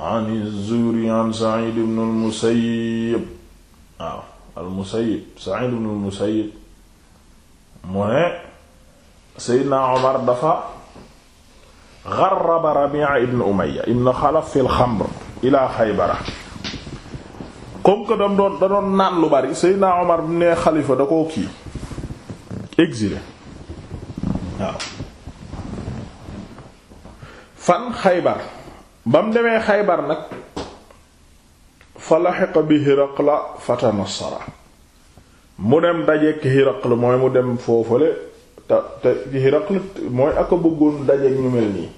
an az-Zuhri an Sa'id ibn al-Musayyib al-Musayyib Sa'id ibn al-Musayyib mu ne Seydina Omar dafa garraba Rabi'a ibn Umayya ibn Xalaf fil xamr ila Xaybara comme que da doon da doon naan lu bari Seydina Omar bu nee da koo kii exilé waaw fan xaybar ba mu demee xaybar nag fa laxiqa bi hiraqla fatanassara mu dem dajeek hiraqla mooy mu dem foofale te te hiraqla mooy ak a bëggoon dajeek ñu mel nii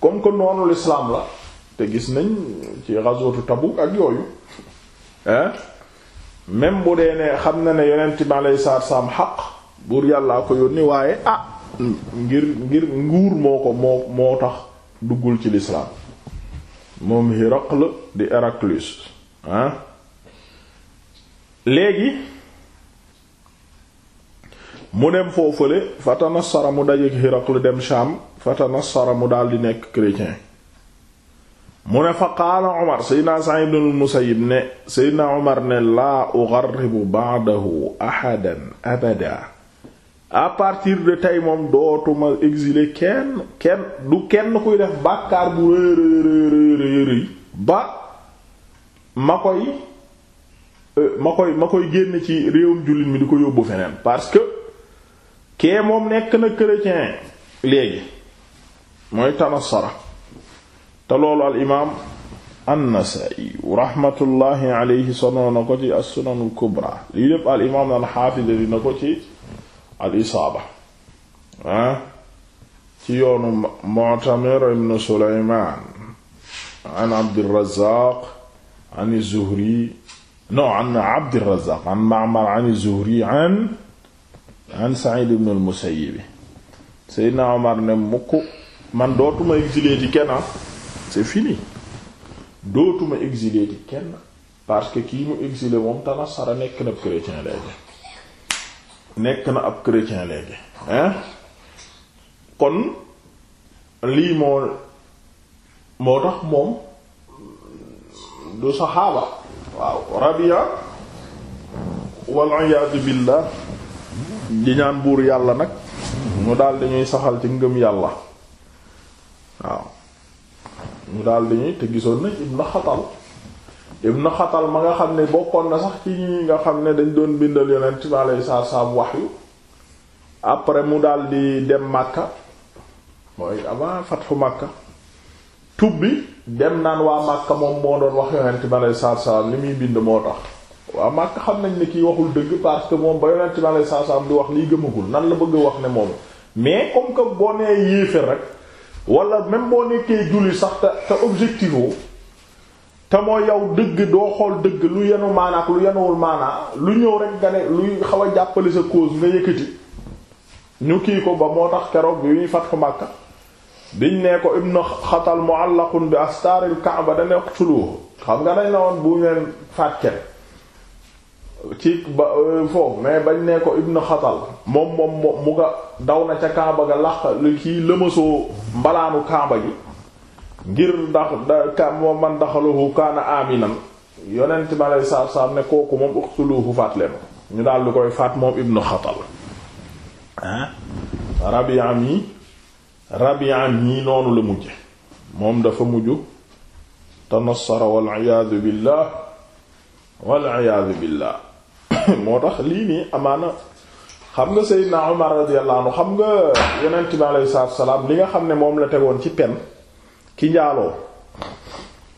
comme que noonu lislaam la te gis nañ ci ghazwatu Tabuk ak yooyu hein même bu dee ne xam na ne yonent bi aleyhi salaatu salaam xaq buur yàllaa ko yónni waaye ah ngir ngir nguur moo ko moo moo tax duggul ci lislaam moom Hiraql di Héraclius ah léegi mu dem foofale fatanassara mu dajeek Hiraql dem Sham fatanassara mu di nekk chrétien mu ne fa qaala Omar Seydina Sa'id ibn al-Musayyib ne Seydina Omar ne laa ugarribu ba'dahu ahadan abada à partir de tey moom dootuma exiler kenn kenn du kenn kuy def bàkkaar bu rëy ba euh, ma koy ma koy ma koy génn ci réewum jullit mi di ko yóbbu feneen parce que kee moom nekk na chrétien léegi mooy tanasara te loolu al imaam an-Nasaa'i rahmatullahi alayhi sonoo na ko ci as-sunanul kubra lii lépp al imaam al-Haafiz dina ko ci al-Isaaba ah ci yoonu Mu'tamir ibn Sulaymaan an Abdirrazaaq an az-Zuhri non an Abdirrazaaq an Ma'mar an az-Zuhri an an Sa'iid ibn al-Musayyib Seydina Omar ne mukk man dootuma exiler ci kenn ah. c'est fini dootuma exilé ti kenn parce que kii mu exilé moom tanasara nekk na ab chrétien léegi nekk na ab chrétien léegi hein kon lii moo moo tax moom du saxaaba waaw rabia wal iyaadu billah di ñaan buur yàlla nag mu daal dañuy saxal ci ngëm yàlla waaw ñu daal di ñuy te gisoon nañ ibn xatal ibn xatal ma nga xam ne bokkoon na sax ci ñi nga xam ne dañ doon bindal yonent bi alayhi salaatu salaam wahyu après mu daal di dem Makka mooy avant fatxu Makka tubbi dem naan waa Makka moom moo doon wax yonent bi alayhi salaatu salaam li muy bind moo tax waa Makka xam nañ ni kii waxul dëgg parce que moom ba yonent bi alayhi salaatu salaam di wax liy gëmagul nan la bëgg wax ne moom mais comme que boo nee yéefér rek wala même boo nekkee julli sax te te objectif te mooy yow dëgg doo xool dëgg lu yenu maanaa lu yenuwul maanaa lu ñëw rek nga ne luy xaw a jàppale sa cause nga yëkkati ñu kii ko ba moo tax keroog bi ñuy fat ko Makka biñ ne ko ibnu xatal mu'allaqun bi astaaril Kaaba dane iqtuluhu xam nga dañ la bu ngeen faat kenn ci ba euh, foofu mais bañ ne ko ibn xatal moom moom mu nga daw na ca kaaba ga lax kii lëmasoo mbalaanu kaaba gi ngir ndax da moom man daxaluhu kaana aminan yonent ma lay saab saab ne kooku moom uxtuluhu faat leen ñu daal di koy faat moom ibn xatal ah rabi'a mi rabi'a mi noonu la mujje moom dafa mujj tanassara wal iyaadu billah wal iyaadu billah moo tax lii nii amaana xam nga Seydina Umar radiyallahu anhu xam nga yonent bi alayhi salaatu wa salaam li nga xam ne moom la tegoon ci pen ki njaaloo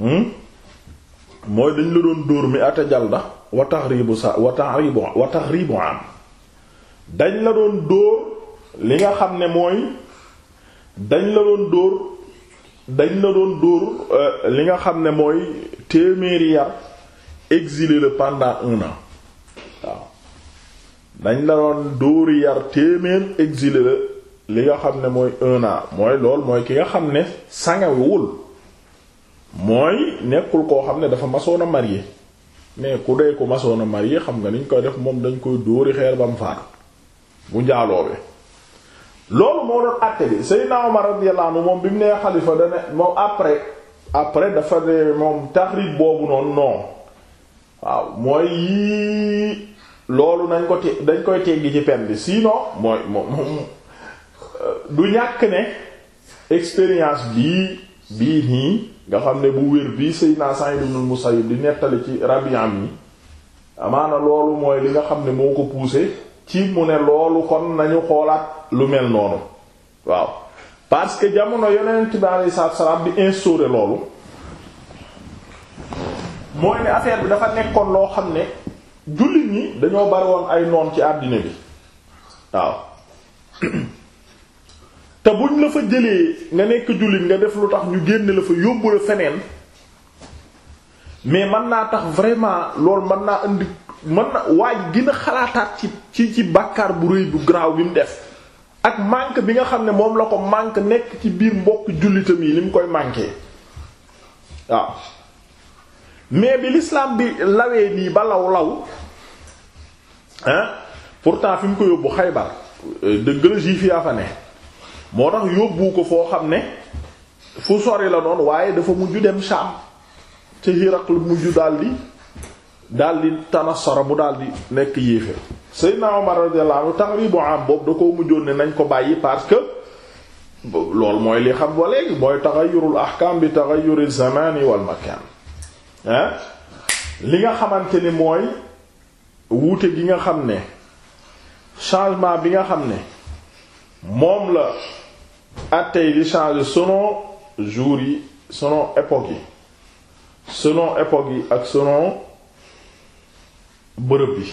hmm? mooy dañ la doon dóor mi ata jalda wa tahribu sa wa tahribu wa dañ la doon dóor li nga xam ne mooy dañ la doon dóor dañ la doon dóor euh, li nga xam ne mooy téeméeri yar exilé le pendant un waaw dañ la doon dóori yar téeméer exilé la li nga xam ne mooy un an mooy lool mooy ki nga xam ne sangawul mooy nekkul koo xam ne dafa masoon a marié mais ku dee ko masoon a marié xam nga niñ koy def moom dañ koy dóori xeer ba mu faatu bu njaaloobe loolu moo doon àtte bi Seydina Omar radiyallahu anhu moom bi mu nee xalifa dane moom après après dafa ne moom taxrib boobu noonu non waaw mooy yii loolu nañ ko te dañ koy teggi ci pen bi sinon mooy moom du ñàkk ne expérience bii bii nii nga xam ne bu wér bii Seydina Sa'id ibn Musayyib di nettali ci rabiam yi amaana loolu mooy li nga xam ne moo ko poussé ci mu ne loolu kon nañu xoolaat lu mel noonu waaw parce que jamono yonent bi yi salaatu salaam bi instauré loolu mooy ne affaire bi dafa nekkoon loo xam ne jullit ñi dañoo bari woon ay noon ci àddina bi waaw te buñ la fa jëlee nga nekk jullit nga def lu tax ñu génn la fa yóbbu la feneen mais mën naa tax vraiment loolu mën naa indi man na waaj gën xalaataat ci ci ci bàkkaar bu réy bu garaaw bi mu def ak manque bi nga xam ne moom la ko manque nekk ci biir mbokk jullitam yi li mu koy manqué waaw mais bi l'islam bi lawee nii ba law law hein pourtant fi mu ko yóbbu Xaybar dëgg la juif yaa fa ne moo tax yóbbu ko foo xam ne fu sori la noonu waaye dafa mujj dem Sham ca Hiraql mujj dal daldi tanasara mu daldi nekk yéeféer Seydina Omar radiyallahu anhu tahribu am boobu da koo mujjoon ne nañ ko bàyyi parce que loolu mooy li xam ba léegi mooy taxayurul ahkam bi taxayuril zamani wal makan li nga xamante ni mooy wuute gi nga xam ne changement bi nga xam ne moom la attey di change sono jour yi sono époque yi sono époque yi ak sono bërëb yi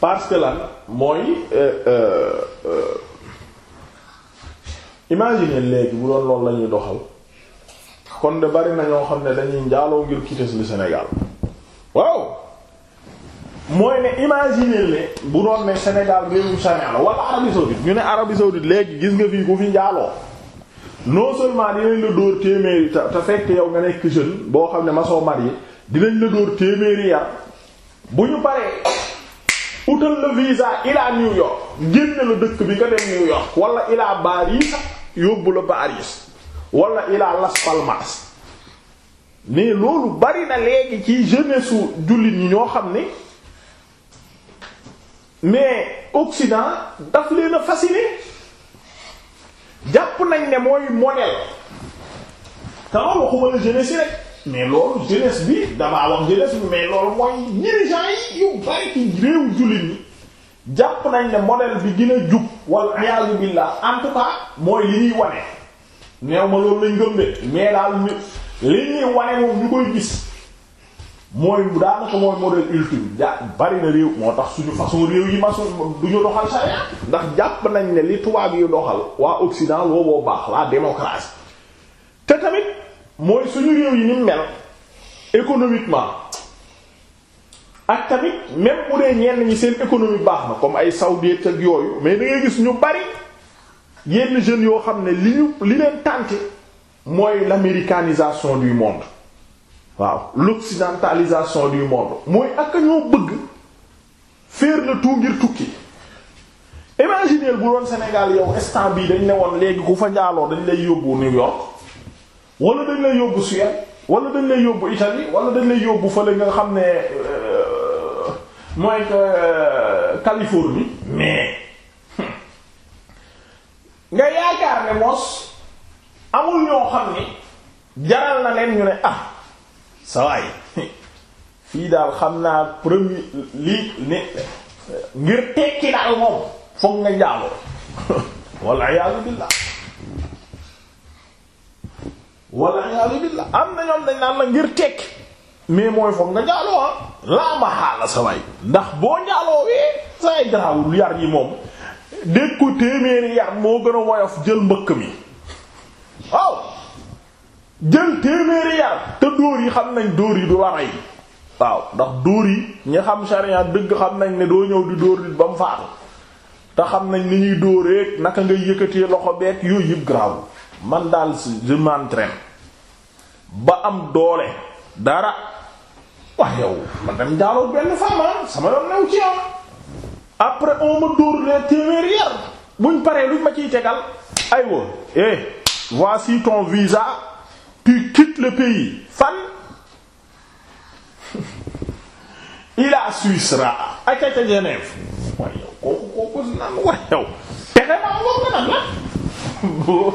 parce que lan mooy euh, euh, euh, imagine léegi bu doon loolu lañuy doxal kon de bari na ñoo xam ne dañuy njaaloo ngir quitter le Sénégal waaw mooy ne imaginer le bu doon ne Sénégal réewum charia la wala Arabie saoudite ñu ne Arabie saoudite léegi gis nga fii ku fi njaaloo noo seulement dinañ la dóor téeméeri te te fekk yow nga nekk jeune boo xam ne ma soo marié dinañ la dóor téeméeri yar bu ñu paree utal la visa ila New York génne la dëkk bi nga dem New York wala ila Paris yóbbu la Paris wala ilaa Las Palmas mais loolu bari na léegi ci jeunesse jullit ñi ñoo xam ne mais Occident daf leen a fasciné jàpp nañ ne mooy modèle tawa waxuma la jeunesse rek mais loolu jeunesse bi damaa wax jeunesse bi mais loolu mooy dirigeant yi yu bari ci réew jullit ñi jàpp nañ ne modèle bi gën jub wal iyaazu billah en tout cas mooy li ñuy wane neew ma loolu lañ gëm de mais daal li ñuy wane moom ñu koy gis mooy daanaka mooy modèle ultime ja bari na réew moo tax suñu façon réew yi maçon du ñu doxal charia ndax jàpp nañ ne li tubaab yi doxal waa Occident looboo baax la démocratie te tamit mooy suñu réew yi ni mel économiquement ak tamit même bu dee ñenn ñi seen économie baax na comme ay Saoudite ak yooyu mais da ngay gis ñu bari yenn jeunes yoo xam ne li ñu li leen tànte mooy l'américanisation du monde waaw l'occidentalisation du monde mooy ak ñoo bëgg faire le tout ngir tukki imaginez bu doon Sénégal yow instant bii dañ ne woon léegi ku fa njaaloo dañ lay yóbbu New York wala dañ lay yóbbu Suède wala dañ lay yóbbu Italie wala dañ lay yóbbu fële nga xam ne euh, mooy euh, Californie mais nga yaakaar ne moos amul ñoo xam ni jaral na leen ñu ne ah sawaay fii daal xam naa premier lii ne ngir tekki daal moom foog nga njaaloo walla iyaazu billaah walla iyaazu billaah am na ñoom dañ naan la ngir tekki mais mooy foog nga njaaloo ah laa ma xaala sawaay ndax boo njaaloo wee sawaay garaawul yar yi moom dég ko téeméeri yar moo gën a woyof jël mbëkk mi waaw jël téeméeri yar te dóor yi xam nañ dóor yi du la rey waaw ndax dóor yi ñi xam sharia dëgg xam nañ ne doo ñëw di dóor nit ba mu faatu te xam nañ ni ñuy dóoreek naka ngay yëkkatee loxo beek yooyu yëpp graw man daal je m'entraîne ba am doole dara wax yow man dem jaaloo benn femme ah, sama yoon new ci yow après on ma dóor les téeméeri yar buñ paree luñ ma ciy tegal aywa eh voici ton visa tu le pays fan ila Suisse-Ra ak ca Genève waaye waaye yow texe maa moom nag la boo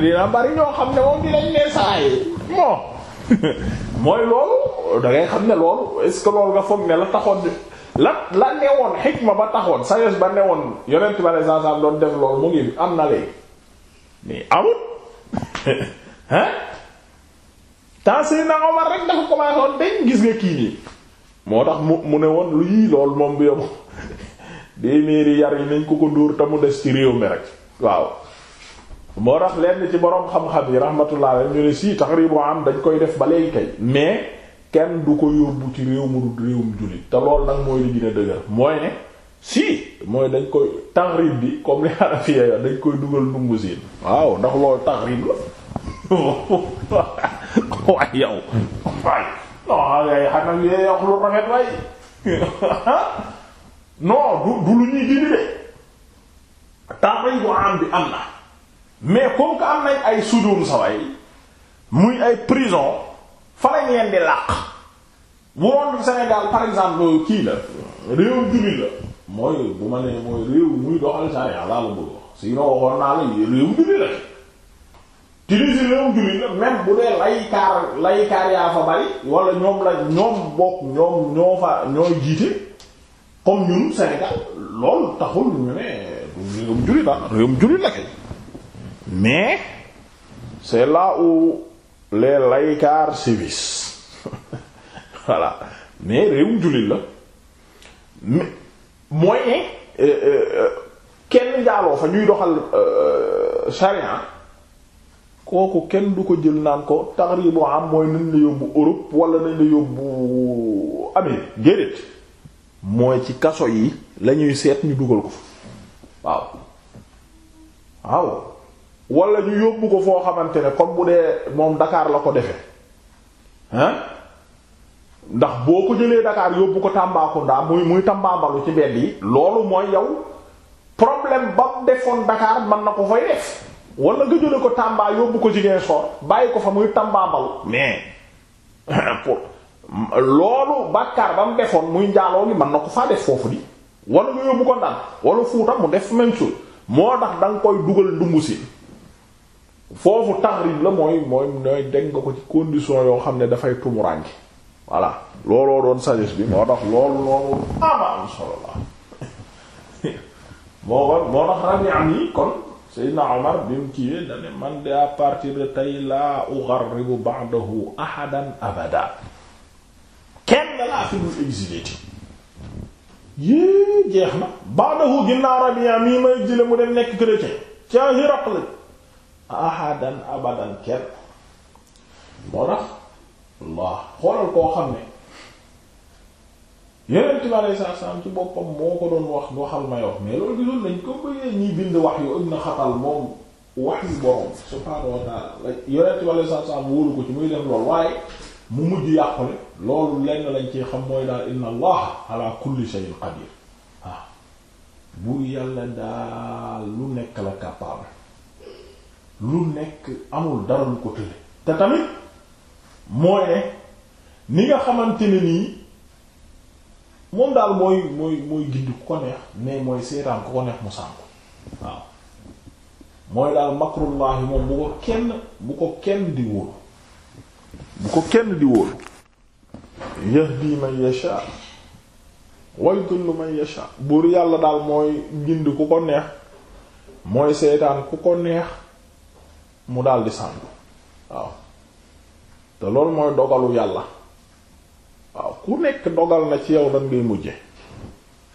dina bari ñoo xam ne moom dinañ nee saa yi bon mooy loolu da xam ne loolu est-ce que loolu nga foog ne la taxoon la la newoon ma ba taxoon sagesse ba woon yonent ba ne saa saa doon def loolu mu ngi am na léegi mais amul hein temps Seydina Omar rek dafa commencé woon dañ gis nga kii nii moo tax mu mu ne woon lu yii loolu moom bi yomb déeméeri yar yi nañ ko ko dóor te mu des ci réew mi waaw moo tax lenn ci boroom xam-xam yi rahmatullah ñu ne si Taqribu am dañ koy def ba léegi kay mais. kenn du ko yóbbu ci réew mu dul réewum jullit te loolu nag mooy li gën dëgër mooy ne si mooy dañ koy taxrib bi comme li xanafiya ya dañ koy dugal dungu siin waaw ndax loolu taxrib la waay yow waay non ngay xanam yee wax lu rafet waay non du lu ñuy dindi de taxrib bu am bi am na mais comme que am nañ ay sujuum saway muy ay prison fa lañ leen di làq bu woon Sénégal par exemple kii la réew jullit la mooy bu ma nee mooy réew muy doxal sharia laa la bëgg wax sinon naa la réew jullit la Tunisie réew jullit la même bu dee laykaar laykaar yaa fa bari wala ñoom la ñoom bokk ñoom ñoo fa ñooy jiite comme ñun Sénégal loolu taxul ñu ne réewum jullit la réewum jullit la kay mais c'est là où les laykaar service voilà mais réewum jullit la mooy ne euh, euh, euh, kenn njaaloo fa ñuy doxal sharia kooku kenn du ko jël naan ko taxribu am mooy nañ la yóbbu Europe wala nañ la yóbbu Amérique déedéet mooy ci kaso yi lañuy seet ñu dugal ko fa waaw waaw wala ñu yóbbu ko foo xamante ne comme bu dee moom dakaar la ko defee hein ndax boo ko jëlee Dakar yóbbu ko Tambacounda muy muy tambaambalu ci mbedd yi loolu mooy yow problème ba mu defoon Dakar mën na ko fay wala nga ko Tamba yóbbu ko Ziguinchor bàyyi ko fa muy tambaambalu mais pour loolu bàkkaar ba muy njaaloo gi mën na ko faa def foofu di wala nga yóbbu ko Ndar wala Fuuta mu def même chose moo tax da koy dugal ndungu si foofu taxrib la mooy mooy nooy dégg nga ko ci condition yoo xam ne dafay tumuraange voilà looloo doon sagesse bi moo tax loolu loolu ama am solo la moo ko moo tax rab yi kon Seydina Omar bi mu kiiwee dane man de à partir de tey laa ugarribu ba'dahu ahadan abada kenn laa fi dul exilé ti jeex na ba'dahu ginnaaw rab yi am yi ma exilé mu dem nekk chrétien ca Hiraql ahadan abadan kenn moo tax Allah xoolal koo xam ne yeneen bi alei saatu salaam ci boppam moo ko doon wax waxal may wax mais loolu gisoon nañ ko bëggee ñiy bind wax yu ibn xatal moom wax yu borom subhaanahu wa ta'ala yonent bi alei saatu salaam wóolu ko ci muy def loolu waaye mu mujj yàqule loolu lenn lañ ci xam mooy daal inna allah ala kulli shay'in qadir waaw ah, buur yàlla daal lu nekk la capable lu nekk amul dara lu ko tële te tamit mooy ne ni nga xamante ni nii moom daal mooy mooy mooy gidd ku ko neex mais mooy seetaan mu sànku waaw mooy daal makrullahi moom kenn bu ko kenn yàlla daal mooy gind ku neex mooy seetaan ku ko neex mu daldi sangu waaw te loolu mooy dogalu yàlla waaw ku nekk dogal na ci yow nan ngay mujje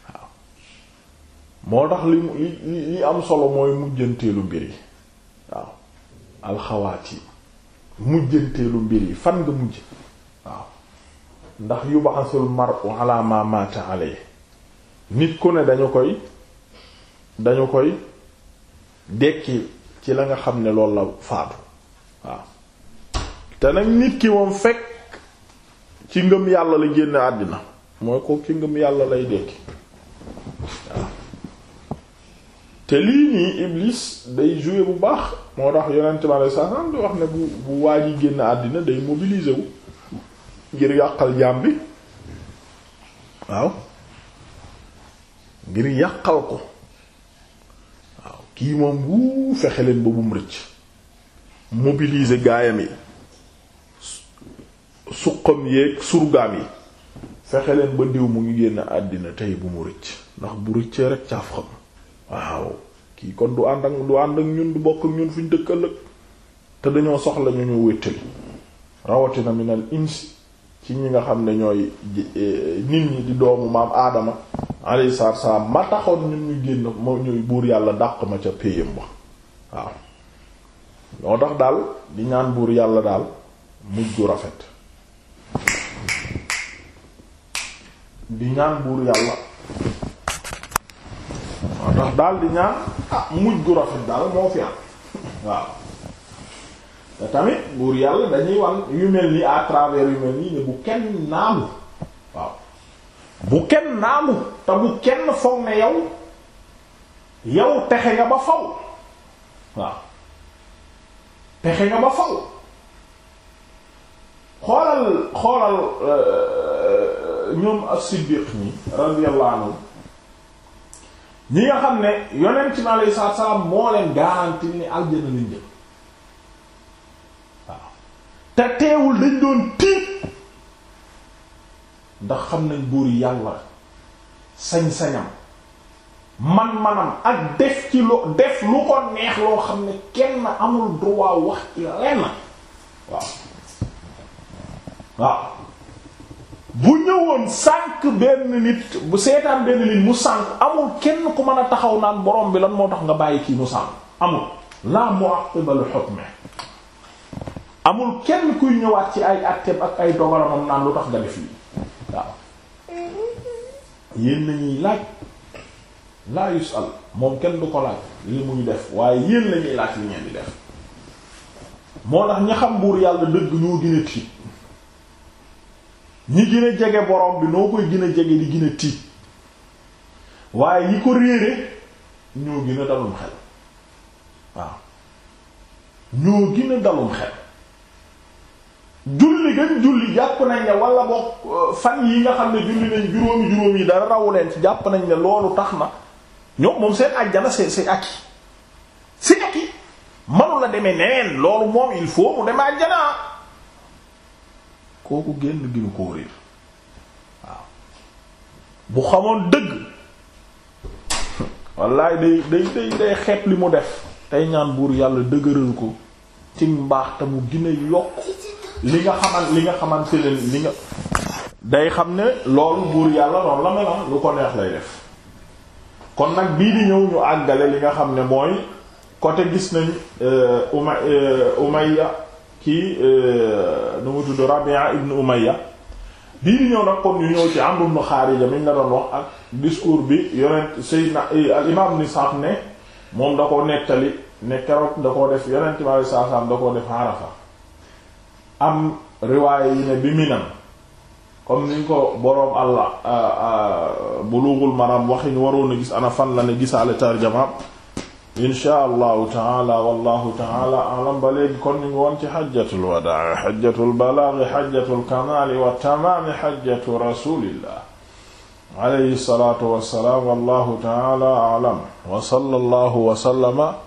waaw moo tax li li li am solo mooy mujjanteelu mbir yi waaw alxawaati mujjanteelu mbir yi fan nga mujj waaw ndax yubaxasul mar'u ala ma mata alayhi nit ku ne dañu koy dañu koy dekki ci la nga xam ne loolu la faatu waaw te nag nit ki moom fekk ci ngëm yàlla la génn àddina mooy ko ci ngëm yàlla lay dekki waaw te lii nii Iblis day jouer bu baax moo tax yonent bi alei saa salaam di wax ne bu bu waa yi génn àddina day mobiliser wu ngir yàqal jaam bi waaw ngir yàqal ko kii moom wuu fexe leen ba bum rëcc mobiliser gaayam yi suqam yeeg surgaam yi fexe leen ba diw mu ngi génn àddina tey bu mu rëcc ndax bu rëccee rek caaf xam waaw kii kon du ànd ak du ànd ak ñun du bokk ak ñun fuñ dëkk ëllëg te dañoo soxla ñu ñu wéttali rawatina minal insi ci ñi nga xam ne ñooy eh, nit ñi di doomu maam aadama alayhi salaatu salaam ma taxoon ñun ñu génn ma ñuy buur yàlla dàq ma ca péyam ba waaw moo tax daal di ñaan buur yàlla daal mujj gu rafet di ñaan buur yàlla moo tax daal di ñaan ah mujj gu rafet daal moo fi am waaw te tamit buur yàlla dañuy wan yu mel ni à travers yu mel nii ne bu kenn naamu waaw bu kenn naa te bu kenn foog ne yow yow texe nga ba faw waaw texe nga ba faw xoolal xoolal euh, ñoom as-Siddiq ñi radiyallahu anhu ñi nga xam ne yonent bi alayhi salaatu salaam moo leen garanti ni aljana lañ jëm waaw te teewul dañ doon tiit ndax xam nañ buur yàlla sañ-sañam man-manam ak def ci loo def lu ko neex loo xam ne kenn amul droit wax ci lenn waaw waaw bu ñëwoon sànk benn nit bu seetaan benn nit mu sànk amul kenn ku mën a taxaw naan borom bi lan moo tax nga bàyyi kii mu sànk amul la mu'aqqiba li hukmi amul kenn kuy ñëwaat ci ay àtteem ak ay dogalamam naan lu tax nga def lii waaw yéen lañuy laaj laa yusal moom kenn du ko laaj li muy def waaye yéen lañuy laaj li ngeen di def moo tax ña xam buur yàlla dëgg ñoo gën a tiit ñi gën a jege borom bi noo koy gën a jege di gën a tiit waaye yi ko réere ñoo gën a dalum xel waaw ñoo gën a dalum xel julli gën julli jàpp nañ ne wala boog euh, fan yi nga xam ne julli nañ juróomi juróom yi dara rawu leen ci jàpp nañ ne loolu tax na ñoo moom seen àjjana c'est c'est si c'est acquis na la demee neneen loolu moom il faut mu demee àjjana kooku génn ginu koo réer waaw bu xamoon dëgg wallaay day day day day li mu def tey ñaan buur yàlla dëgëral ko ci mbaax te mu gën a yokk li nga xaman li nga xamante ne li nga day xam ne loolu buur yàlla noonu la mel lu ko neex lay def kon nag bii di ñëw ñu àggale li nga xam ne mooy côté gis nañ euh, uma euh, umayya kii euh, nu mu tudd Rabi'a ibn umayya bii di ñëw nag kon ñu ñëw ci Amr ibn Xaarija mi ñu la ak discours bi yonent Seydina al imam ni sax ne moom da ko nettali ne keroog da ko def yonent bi sallallahu alayhi wasallam da ko def Arafa am riwaaya yi ne bi minam comme niñ ko boroom allah bulughul maram waxiñ waroon a gis ana fan la ne gisaale tarjama insha allahu taala wallahu taala alam ba léegi kon ñu ngi woon ci xajjatul wadaa xajjatul balaagi xajjatul kamaali wa tamaami xajjatu rasulillah alayhi salaatu wassalaam wallahu taala alam wa sallallahu wa sallama